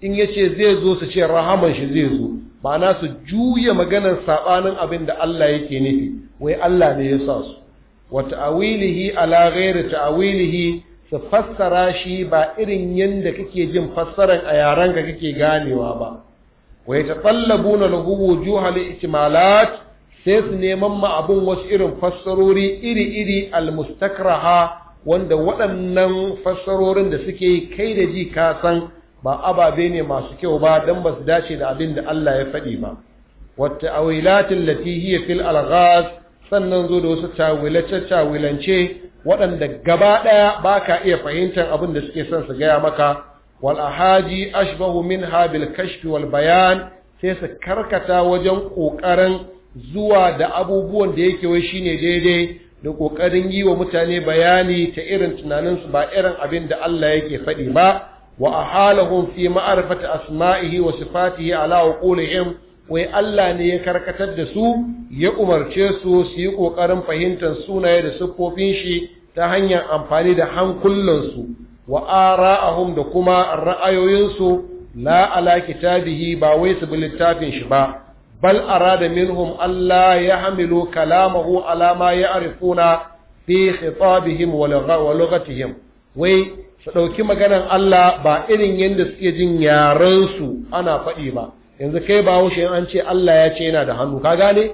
in ya ce zai zo su ce rahaman shi zai zo ma'ana su juya maganar saɓanin abin da Allah yake nufi wai Allah ne ya sa su wa ta'awilihi ala ghairi ta'awilihi su fassara shi ba irin yanda kake jin fassaran a yaran ka kake ganewa ba wa yatallabuna lahu wujuha li ikmalat sai su neman ma abun wasu irin fassarori iri-iri almustakraha wanda waɗannan fassarorin da suke kai da ji ka san ba ababe ne masu kyau ba don ba su dace da abin da Allah ya faɗi ba wata awilatin latihiyya fil alghaz sannan zo da wasu tawilace-tawilance waɗanda gaba ɗaya ba ka iya fahimtar abin da suke son su gaya maka wal ahaji ashbahu min habil kashfi wal bayan sai su karkata wajen ƙoƙarin zuwa da abubuwan da yake wai shine daidai da ƙoƙarin yi wa mutane bayani ta irin tunaninsu ba irin abin da Allah yake faɗi ba wa ahalahum fi ma'rifati asma'ihi wa sifatihi ala uqulihim wai Allah ne ya karkatar da su ya umarce su su yi kokarin fahimtar sunaye da siffofin shi ta hanyar amfani da hankulansu wa ara'ahum da kuma ra'ayoyinsu la ala kitabihi ba wai su bi littafin shi ba bal arada minhum Allah ya hamilu kalamahu ala ma ya'rifuna fi khitabihim wa lughatihim wai su ɗauki maganan Allah ba irin yadda suke jin yarensu ana faɗi ba yanzu kai ba haushe an ce Allah ya ce yana da hannu ka gane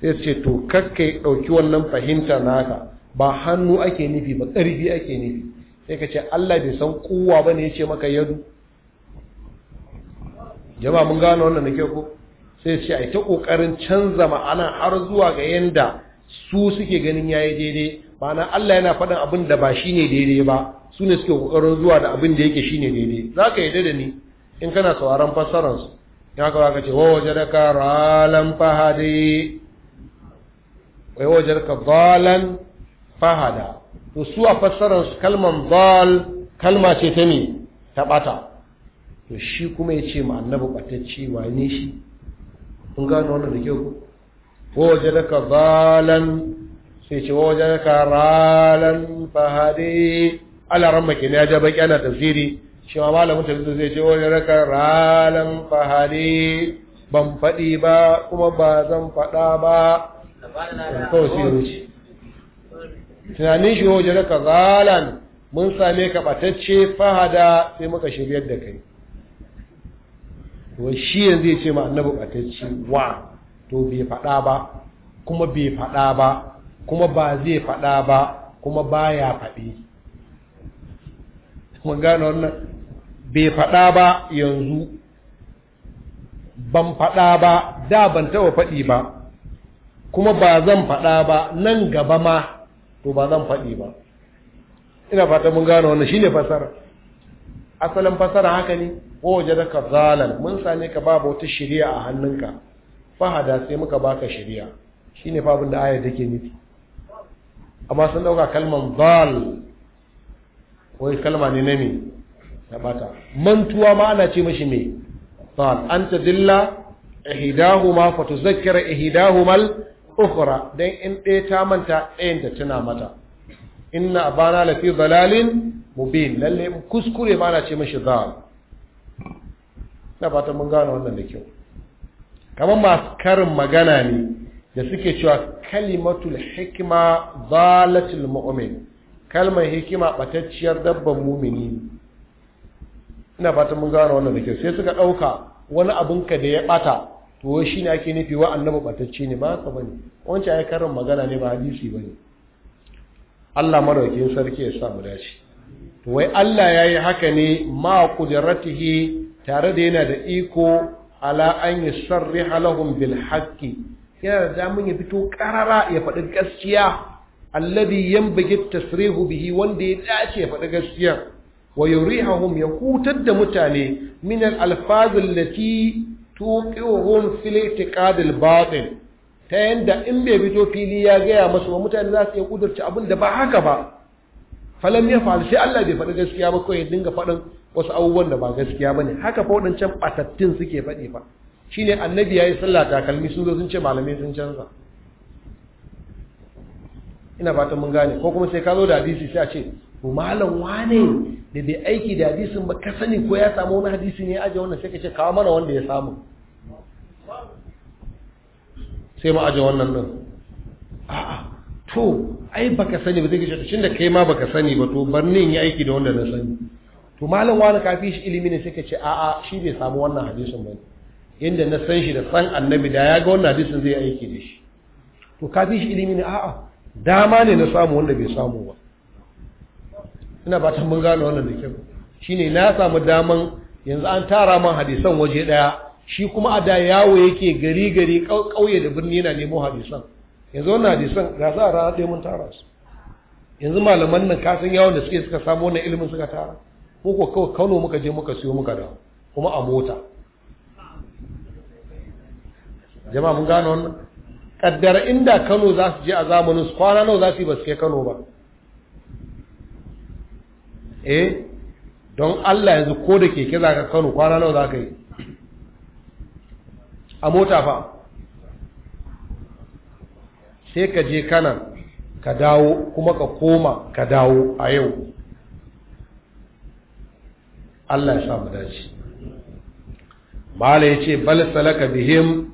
sai su ce to kakka ɗauki wannan fahimta naka ba hannu ake nufi ba ƙarfi ake nufi sai ka ce Allah bai san kowa ba ne ya ce maka yadu Jama mun gane wannan na ke ko sai ce a ta ƙoƙarin canza ma'ana har zuwa ga yanda su suke ganin yayi daidai ba na Allah yana faɗin abin da ba ne daidai ba su ne suke kokarin zuwa da abin da yake shine daidai za ka yi da ni in kana sauraron fassararsu ya kawo ka ce wa waje da ka ralan fahade wai waje da ka zalan fahada to su a fassararsu kalman zal kalma ce ta me ta bata to shi kuma ya ce ma annabi wa ne shi kun gano wannan da kyau wa waje da ka zalan sai ce wa waje da ka ralan fahade Allah ramma ke ne ya ja baki ana tafsiri shi ma malamin tafsiri zai ce wani raka ralan fahari ban faɗi ba kuma ba zan faɗa ba kawai sai wuce tunanin shi wajen raka ralan mun same ka ɓatacce fahada sai muka shiryar da kai to shi yanzu ya ce ma annabi ɓatacce wa to bai faɗa ba kuma bai faɗa ba kuma ba zai faɗa ba kuma baya faɗi mun gane wannan bai faɗa ba yanzu ban faɗa ba da ban taɓa faɗi ba kuma ba zan faɗa ba nan gaba ma to ba zan faɗi ba ina fata mun gane wannan shine fasara asalin fasara haka ne ko waje da ka zalar mun sani ka babu wata shari'a a hannunka fahada sai muka baka shari'a shine fa abin da aya take nufi amma sun ɗauka kalman zal wai kalma ne na me na bata mantuwa ma ana ce mashi me an anta dilla ma fa tuzakkira mal? ukhra dan in ɗaya ta manta ɗayan ta tuna mata inna abana fi dalalin mubin lalle kuskure ma ana ce mashi za na bata mun gane wannan da kyau kamar ma karin magana ne da suke cewa kalimatul hikma zalatul mu'min kalmar hikima batacciyar dabban mumini ina fatan mun gano wannan da sai suka ɗauka wani abinka da ya ɓata to shi ne ake nufi wa annabi batacci ne ba haka bane wancan ai karin magana ne ba hadisi bane Allah madaukakin sarki ya sa mu dace to wai Allah yayi haka ne ma qudratihi tare da yana da iko ala an yusarriha lahum bil haqqi yana da damun ya fito karara ya faɗi gaskiya alladhi yanbaghi tasrihu bihi wanda ya dace faɗi gaskiya wa yurihum ya da mutane min al-alfaz allati tuqihum fil i'tiqad al ta yanda in bai fito fili ya gaya masu wa mutane za su iya kudurci abin da ba haka ba falam ya faru sai Allah bai faɗi gaskiya ba kawai dinga faɗin wasu abubuwan da ba gaskiya ba ne haka fa waɗancan batattun suke faɗi fa shine annabi ya yi sallah takalmi sun zo sun ce malamai sun canza ina fatan mun gane ko kuma sai ka zo da hadisi sai a ce to malam wane da bai aiki da hadisin ba ka sani ko ya samu wani hadisi ne aje wannan sai ka ce kawo mana wanda ya samu sai mu aje wannan nan a'a to ai baka sani ba zai ka shi tunda kai ma baka sani ba to bar in yi aiki da wanda na sani to malam wani fi shi ilimi ne sai ka ce a'a shi bai samu wannan hadisin ba yanda na san shi da san annabi da ya ga wannan hadisin zai aiki da shi to fi shi ilimi ne a'a dama ne na samu wanda bai samu ba ina ba ta mun gano wannan da kyau shine na samu daman yanzu an tara man hadisan waje daya shi kuma a da yawo yake gari gari kauye da birni yana nemo hadisan yanzu wannan hadisan ga za a rana ɗaya mun tara su yanzu malaman nan kasan yawon da suke suka samu wannan ilimin suka tara ko ko kawai kano muka je muka siyo muka dawo kuma a mota jama'a mun gano wannan kaddara inda kano za su je a zamanin su kwana nawa za su yi ba su kai kano ba eh don allah yanzu ko da keke za ka kano kwana nawa za ka yi a mota fa sai ka je kanan ka dawo kuma ka koma ka dawo a yau allah ya samu dace mala ya ce bal salaka bihim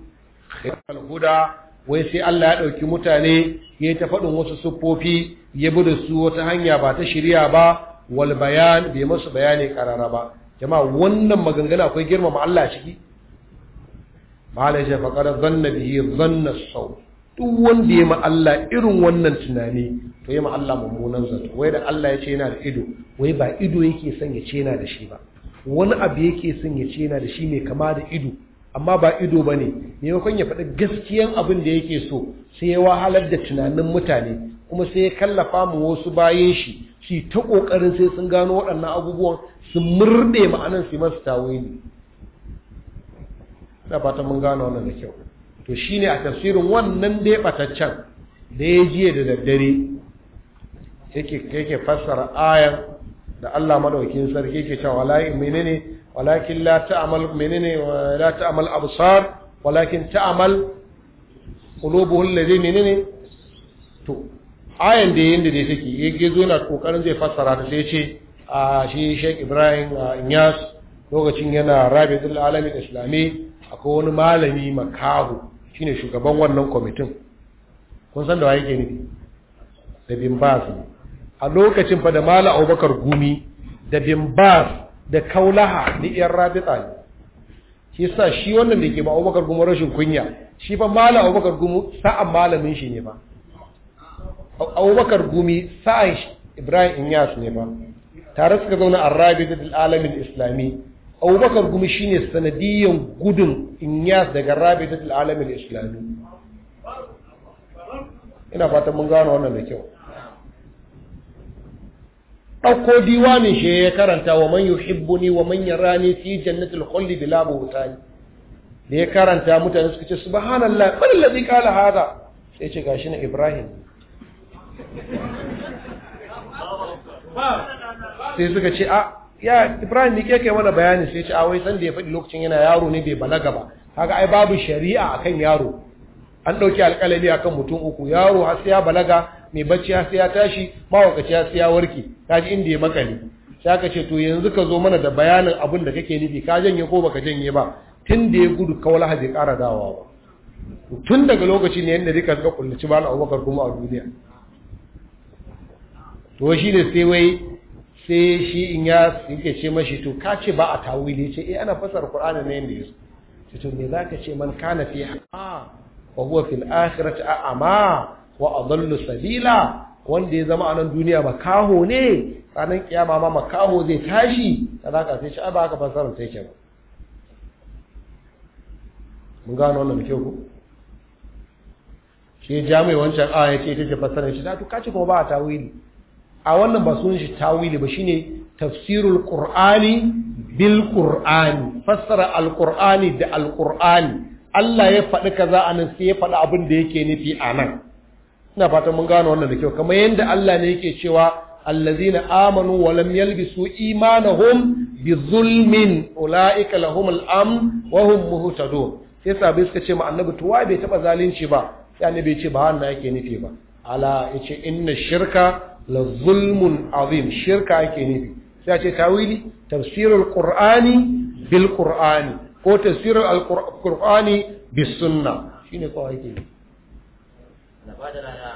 khilal huda wai sai Allah ya ɗauki mutane ya ta faɗin wasu siffofi ya bi da su wata hanya ba ta shirya ba wal bayan bai masu bayani karara ba jama'a wannan maganganu akwai girmama Allah ciki malai shafa kada zanna bihi zanna sau duk wanda ya ma Allah irin wannan tunani to ya ma Allah mummunan zato wai da Allah ya ce yana da ido wai ba ido yake son ya ce yana da shi ba wani abu yake son ya ce yana da shi mai kama da ido amma ba ido ba ne maimakon ya faɗi gaskiyan abin da yake so sai ya wahalar da tunanin mutane kuma sai ya kallafa mu wasu bayan shi shi ta ƙoƙarin sai sun gano waɗannan abubuwan su murɗe ma'anan su masu tawili na fatan mun gano wannan da kyau to shine a tafsirin wannan ya ɓataccen da ya jiya da daddare yake fassara ayan da Allah madaukakin sarki yake cewa lai menene walakin la تعمل منين la تعمل ابصار walakin تعمل قلوبه الذي منين to ayan da yin da dai take yake zo yana kokarin zai fassara ta sai ce a shi Sheikh Ibrahim Inyas lokacin yana Rabiul alami Islami akwai wani malami makahu shine shugaban wannan committee kun san da waye ke nufi da bin bas a lokacin fa da mala abubakar gumi da bin bas da kaulaha da iyar rabita ne shi sa shi wannan da ke ba abubakar gumu rashin kunya shi ba malam abubakar gumu sa'an malamin shi ne ba abubakar gumi sa'an ibrahim inyas ne ba tare suka zauna a rabita da alamin islami abubakar gumi shine sanadiyan gudun inyas daga rabita da alamin islami ina fatan mun gano wannan da kyau ɗauko diwanin shi ya karanta wa man yuhibbuni wa man yarani fi jannatil khuldi bila buhtani da ya karanta mutane suka ce subhanallah man allazi qala hada sai ce gashi na ibrahim sai suka ce a ah, ya ibrahim ne kake mana bayani sai ce a ah, wai san ya faɗi lokacin yana yaro ne bai balaga ba kaga ai babu shari'a akan yaro an ɗauki alƙalami akan mutum uku yaro har sai ya balaga mai bacci ya sai ya tashi mawakaci ya sai ya warke kaji inda ya makale sai kace to yanzu ka zo mana da bayanin abin da kake nufi ka janye ko baka janye ba tun da ya gudu wala haji ƙara dawa ba tun daga lokaci ne yadda rika suka kullaci ba abubakar kuma a duniya to shi ne sai wai sai shi in ya yake ce mashi to ka ce ba a tawili ce eh ana fasar qur'ani ne yadda yaso ce to me zaka ce man kana fi ha ah. wa huwa fil akhirati a'ama wa adallu sabila wanda ya zama anan nan duniya makaho ne ranar kiyama ma makaho zai tashi ka sai shi a ba ka ta yake ba mun gano wannan muke ku shi jami'ai wancan a ya ce ita ce shi da to kace kuma ba a tawili a wannan ba sun shi tawili ba shine tafsirul qur'ani bil qur'ani fassara al qur'ani da al qur'ani Allah ya faɗi kaza a nan sai ya faɗi abin da yake nufi a nan. ina fatan mun gano wannan da kyau kamar yadda Allah ne yake cewa allazina amanu wa lam yalbisu imanahum bi zulmin ulaika lahum al-amn wa hum muhtadun sai sabai suka ce ma annabi tuwa bai taba zalunci ba sai annabi ya ce ba wannan yake nufi ba ala yace inna shirka la zulmun azim shirka yake nufi sai ce tawili tafsirul qur'ani bil qur'ani ko tafsirul qur'ani bis sunna shine kawai yake nufi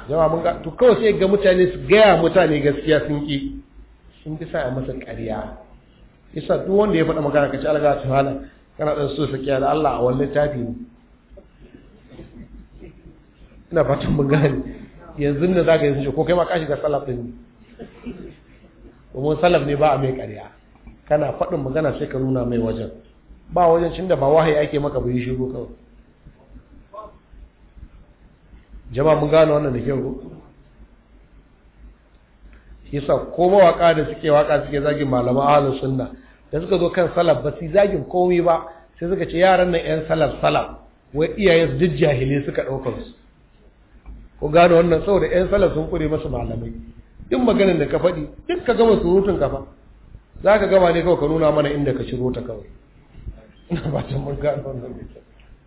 Yawa mun ga to kawai sai ga mutane su gaya mutane gaskiya sun ki sun fi sa masa ƙarya isa duk wanda ya faɗa magana kace alga ta hala kana dan so saki da Allah a wannan tafi ne ina fatan mun gane yanzu ne zaka yanzu ko kai ma kashi ga salaf din kuma salaf ne ba a mai ƙarya kana faɗin magana sai ka nuna mai wajen ba wajen cin da ba wahayi ake maka bai shiru kawai jama'a mun gano wannan da kyau ko yasa ko mawaka da suke waka suke zagin malaman ahlus sunna da suka zo kan salaf ba su zagin komai ba sai suka ce yaran nan yan salaf salaf wai iyaye su duk jahilai suka ɗaukar su ko gano wannan saboda yan salaf sun kure masu malamai duk maganin da ka faɗi duk ka gama surutun ka fa za ka gama ne kawai ka nuna mana inda ka shiro ta kawai ina ba ta mun gano wannan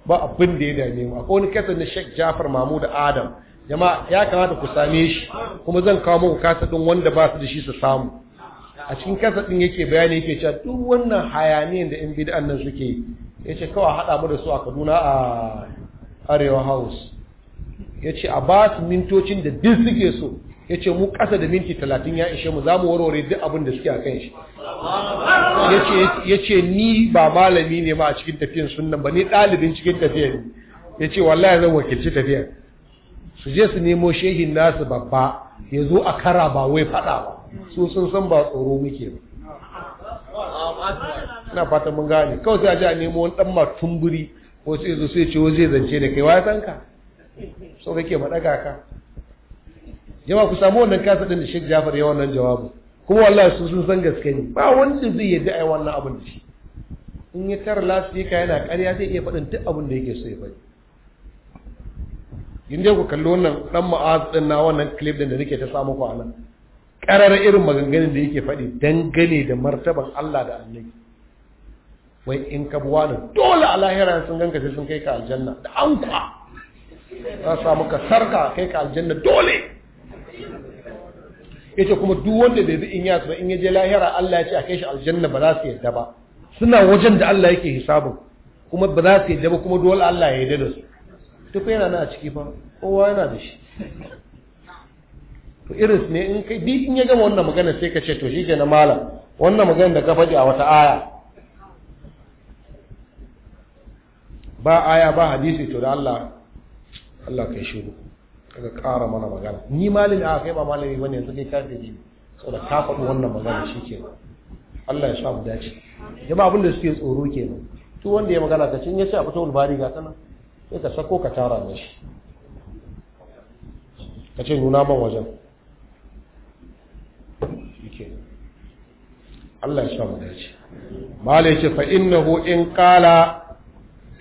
ba abin da ya dame mu akwai wani kasar na Sheikh Jafar Mahmud Adam jama'a ya kamata ku same shi kuma zan kawo muku kasa din wanda ba su da shi su samu a cikin kasa din yake bayani yake cewa duk wannan hayaniyan da yan bid'an nan suke yace kawai hada mu da su a Kaduna a Arewa House yace a ba su mintocin da duk suke so ya ce mu ƙasa da minti talatin ya ishe mu za mu warware duk abin da suke a kan shi ya ce ni ba malami ne ma a cikin tafiyan sunan ba ni ɗalibin cikin tafiyan ne ya ce wallahi zan wakilci tafiyan su je su nemo shehin nasu babba ya zo a kara ba wai faɗa ba su sun san ba tsoro muke ba na fata mun gane kawai sai a ji a nemo wani ɗan matumburi ko sai zo sai ce zai zance da kai wa ya san ka so kake maɗaga ka yawa ku samu wannan kasa din da Sheikh Jafar ya wannan jawabu kuma wallahi su sun san gaske ne ba wanda zai yadda ai wannan abin da shi in ya tara lasifika yana karya zai iya faɗin duk abin da yake so ya faɗi in dai ku kalli wannan dan ma'az din na wannan clip din da nake ta samu ku a nan karar irin maganganun da yake faɗi dangane da martaban Allah da annabi wai in ka buwa da dole a lahira sun ganka sai sun kai ka aljanna da an kwa za samu ka sarka kai ka aljanna dole yace kuma duk wanda bai bi in ya ba in ya je lahira Allah ya ce a kai shi aljanna ba za su yadda ba suna wajen da Allah yake hisabin kuma ba za su yadda ba kuma dole Allah ya yadda da su duk yana nan a ciki fa kowa yana da shi to iris ne in kai bi in ya gama wannan magana sai ka ce to shi na malam wannan magana da ka faɗi a wata aya ba aya ba hadisi to da Allah Allah kai shiru kaga ƙara mana magana ni malami a kai ba malami bane yanzu kai kafe ne saboda ka faɗi wannan magana shi ke Allah ya sa mu dace jama'a abin da suke tsoro ke nan. duk wanda ya magana ka ce in ya ce a fito ulbari ga tana sai ka sako ka tara shi. ka ce nuna ban wajen Allah ya mu dace malai ce fa innahu in qala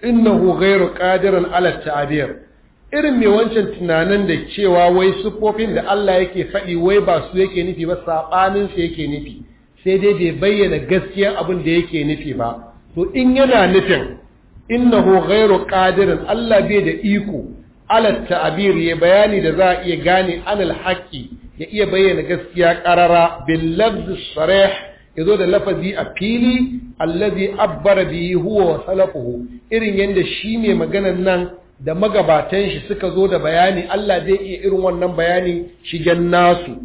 innahu ghayru qadirin ala ta'abir irin mai wancan tunanin da cewa wai sufofin da Allah yake faɗi wai ba su yake nufi ba saɓanin su yake nufi sai dai bai bayyana gaskiyar abin da yake nufi ba to in yana nufin innahu ghairu qadirin Allah bai da iko ala ta'bir ya bayani da za a iya gane anal haqqi ya iya bayyana gaskiya qarara bil lafz sarih yazo da lafazi a fili allazi abbara bihi huwa wa salafuhu irin yanda shi ne maganan nan da magabatan shi suka zo da bayani Allah zai iya irin wannan bayani shigen nasu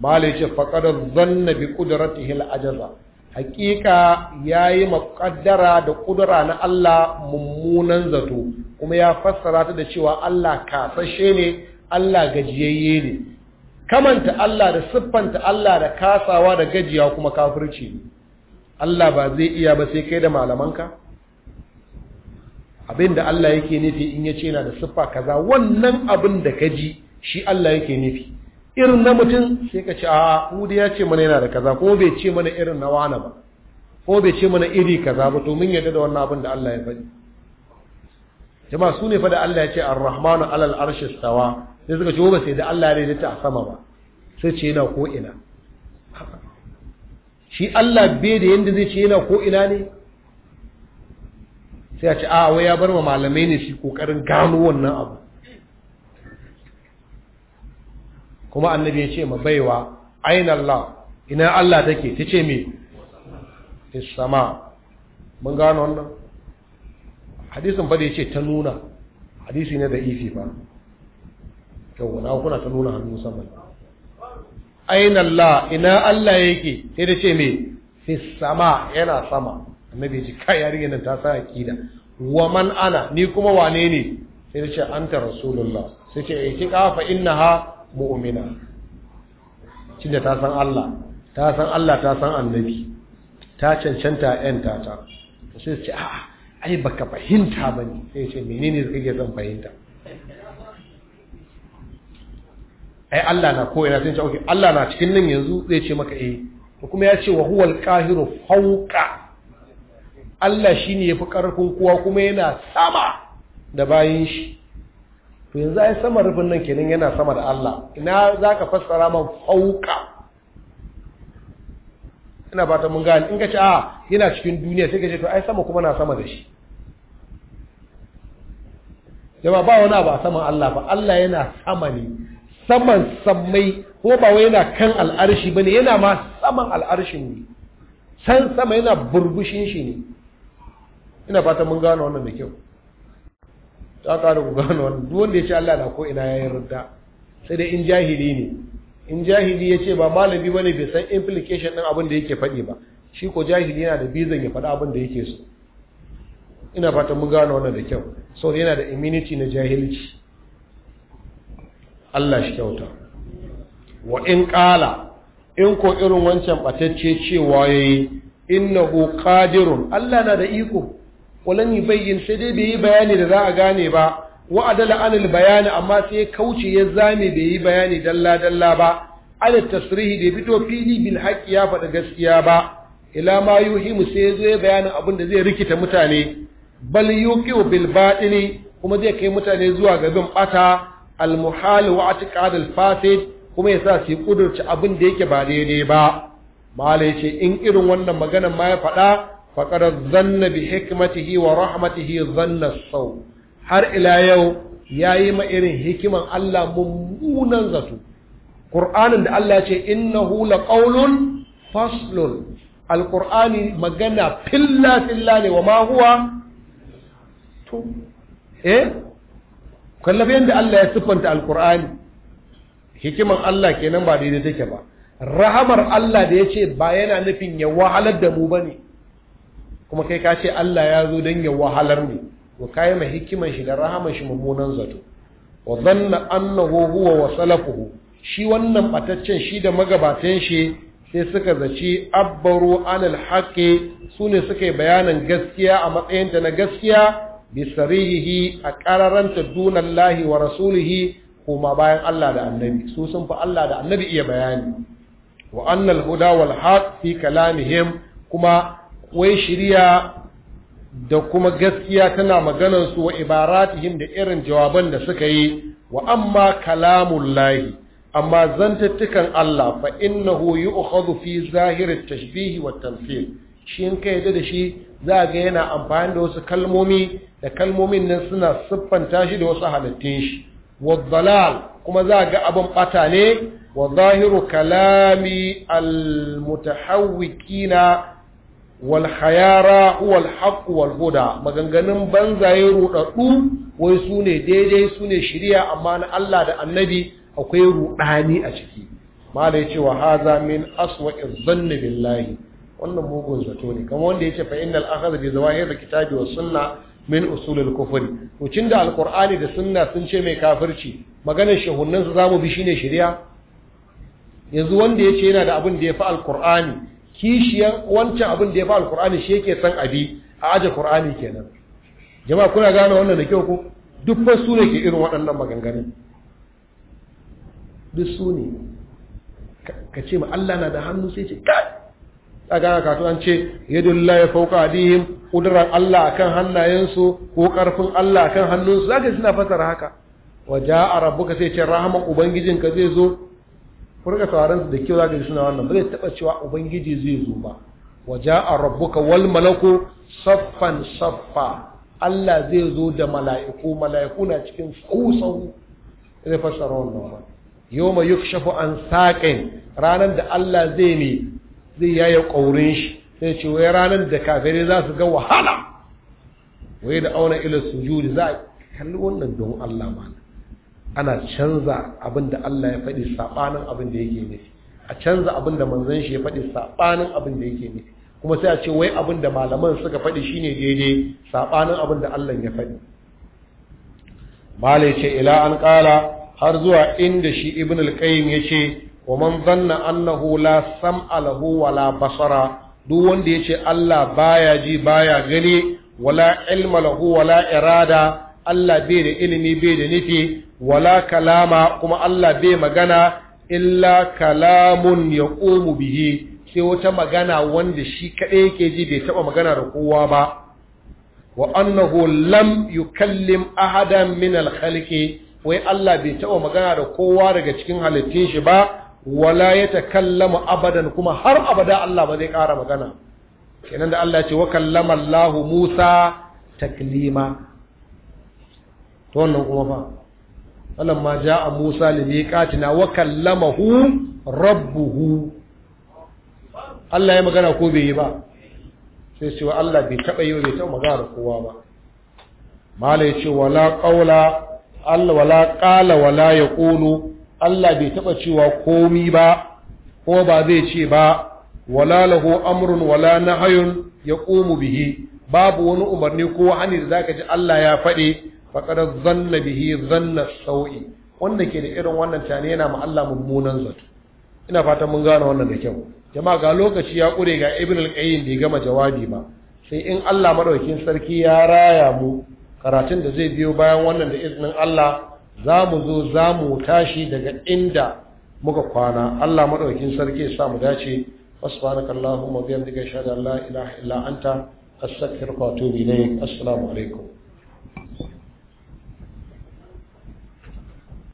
malai ce faqadar zanna bi qudratihi al-ajaza haqiqa yayi muqaddara da kudura na Allah mummunan zato kuma ya fassara ta da cewa Allah kasashe ne Allah gajiyayye ne kamanta Allah da siffanta Allah da kasawa da gajiya kuma kafirci Allah ba zai iya ba sai kai da malamanka abin da Allah yake nufi in ya ce yana da siffa kaza wannan abin da ka ji shi Allah yake nufi irin na mutum sai ka ce a hudu ya ce mana yana da kaza ko bai ce mana irin na wana ba ko bai ce mana iri kaza ba to mun yadda da wannan abin da Allah ya faɗi jama'a su ne fa da Allah ya ce ar-rahmanu alal arshi stawa sai suka ce ba sai da Allah ya ta a sama ba sai ce yana ko ina shi Allah bai da yanda zai ce yana ko ina ne sai a ce a wai ya bar wa malamai ne shi kokarin gano wannan abu kuma annabi ya ce ma baiwa aina Allah ina Allah take ta ce me fis sama mun gano wannan hadisin ba da ya ce ta nuna hadisi ne da ifi ba yau na kuna ta nuna hannun sama aina Allah ina Allah yake sai da ce me fis sama yana sama annabi ji kai yarinyar nan ta san aqida wa man ana ni kuma wane ne sai ya ce anta rasulullah sai ce eh, itika fa innaha mu'mina cinda ta san Allah ta san Allah ta san annabi ta cancanta yan tata sai ce a'a ai baka fahimta bane sai ya ce menene kake son fahimta ai Allah na koyana sai ce okay Allah na cikin nan yanzu zai ce maka eh kuma ya ce wa huwal qahiru fawqa Allah shi ne ya fi ƙarfin kuwa kuma yana sama da bayan shi to yanzu ai sama rufin nan kenan yana sama da Allah ina za ka fassara man fauka ina ba ta mun gani in ka ce a yana cikin duniya sai ka ce to ai sama kuma na sama da shi Yaba ba wani abu a saman Allah ba Allah yana sama ne saman samai. ko ba wai yana kan al'arshi ba ne, yana ma saman al'arshin ne san sama yana burbushin shi ne ina fatan mun gano wannan da kyau ta ƙara ku gano wannan duk wanda ya ce Allah na ko ina ya yarda sai dai in jahili ne in jahili ya ce ba malami ba ne bai san implication ɗin abin da yake faɗi ba shi ko jahili yana da bizan ya faɗi abin da yake so ina fatan mun gano wannan da kyau so yana da immunity na jahilci Allah shi kyauta wa in ƙala in ko irin wancan ɓatacce cewa ya yi innahu qadirun Allah na da iko walan yubayyin sai dai bai yi bayani da za a gane ba wa adala anil bayani amma sai ya kauce ya zame bai yi bayani dalla dalla ba ala tasrihi bai fito fili bil haqqi ya faɗa gaskiya ba ila ma yuhimu sai ya zo ya bayanin abin da zai rikita mutane bal yuqiu bil ne kuma zai kai mutane zuwa ga bin bata al muhal wa atiqad al fasid kuma yasa su kudurci abin da yake ba daidai ba mala yace in irin wannan magana ma ya faɗa faƙar zanna bi hikmatihi wa rahmatihi zanna sau har ila yau ya yi ma irin hikiman Allah mummunan zato ƙur'anin da Allah ce innahu laqawlun faslun ƙurani magana filla filla ne wa ma huwa to eh kallafi yadda Allah ya siffanta ƙurani hikiman Allah kenan ba daidai take ba rahamar Allah da ya ce ba yana nufin ya wahalar da mu ba ne kuma kai ka ce Allah ya zo don ya wahalar ne to kai ma hikiman shi da rahaman shi mummunan zato wa dhanna annahu huwa wa salafuhu shi wannan bataccen shi da magabatan shi sai suka zaci abbaru alal haqqi sune suka yi bayanan gaskiya a matsayin ta na gaskiya sarihihi a ta dunallahi wa rasulihi kuma bayan Allah da annabi su sun fi Allah da annabi iya bayani wa annal huda wal haqq fi kalamihim kuma wai shirya da kuma gaskiya tana maganar su wa ibaratihim da irin jawaban da suka yi wa amma kalamun lahi amma zantattukan Allah fa innahu yu'khadhu fi zahirit tashbihi wa tamthil shi in kai da shi za ga yana amfani da wasu kalmomi da kalmomin nan suna siffanta shi da wasu halittun shi wa dalal kuma za ga abin bata ne wa zahiru kalami al mutahawwikina Walhayara hayara maganganun banzaye rudaddu wai sune daidai sune ne shiriya amma na Allah da annabi akwai rudani a ciki mala yace wa haza min aswa zanni billahi wannan mugun zato ne kamar wanda yace fa innal akhadha bi zawahir kitabi was sunna min usulul kufri to cinda alqur'ani da sunna sun ce mai kafirci maganar shehunnan su zamu bi shine shiriya yanzu wanda yace yana da abin da ya al alqur'ani kishiyan wancan abin da ya fi alkur'ani shi yake san abi a aje kur'ani kenan jama'a kuna gane wannan da kyau ko duk fa su ne ke irin waɗannan maganganun duk su ne ka ce ma Allah na da hannu sai ce ka a gane kato an ce Allah ya fauka adihim ƙudurar Allah a kan hannayensu ko ƙarfin Allah a kan hannunsu za zaka suna fasara haka waja a ka sai ce ubangijin ubangijinka zai zo ku riga da kyau za ka ji suna wannan ba zai taba cewa ubangiji zai zo ba waja a rabbuka wal malaku saffan saffa Allah zai zo da mala'iku mala'iku na cikin tsautsahu zai fassara wannan ba yawma shafi an saƙin ranar da Allah zai ne zai yaya kaurin shi sai ce wai ranar da kafirai za su ga wahala wai da auna su sujudi za a kalli wannan don Allah mana ana canza abin da Allah ya faɗi saɓanin abin da yake nufi a canza abin da manzon shi ya faɗi saɓanin abin da yake nufi kuma sai a ce wai abin da malaman suka faɗi shine daidai saɓanin abin da Allah ya faɗi malai ce ila an ƙala har zuwa inda shi ibn al-qayyim ya ce wa man zanna annahu la sam'a lahu wa la basara duk wanda ya ce Allah baya ji baya gani wala ilma lahu wala irada Allah bai da ilimi bai da nufi wala kalama kuma Allah bai magana illa kalamun ya ƙomu bihi sai wata magana wanda shi kaɗai yake ji bai taɓa magana da kowa ba wa annahu lam yukallim ahadan min al-khalqi wai Allah bai taɓa magana da kowa daga cikin halittun shi ba wala ya takallama abadan kuma har abada Allah ba zai ƙara magana kenan da Allah ya ce wa kallama Allah Musa taklima to wannan kuma ba. falamma a Musa limiqatina wa kallamahu rabbuhu Allah ya magana ko bai yi ba sai ce wa Allah bai taba yi bai taba magana da kowa ba mala ya ce wala qaula Allah wala qala wala yaqulu Allah bai taba cewa komi ba ko ba zai ce ba wala lahu amrun wala nahyun yaqumu bihi babu wani umarni ko hani da zaka ji Allah ya faɗi faƙar zanna bihi zanna sau'i wanda ke da irin wannan tani yana ma Allah mummunan zato ina fatan mun gane wannan da kyau jama'a ga lokaci ya ƙure ga ibn al-qayyim bai gama jawabi ba sai in Allah madaukakin sarki ya raya mu karatun da zai biyo bayan wannan da izinin Allah za mu zo za mu tashi daga inda muka kwana Allah madaukakin sarki ya sa mu dace subhanakallahumma wa bihamdika ashhadu an la ilaha illa anta astaghfiruka wa atubu ilayk assalamu alaikum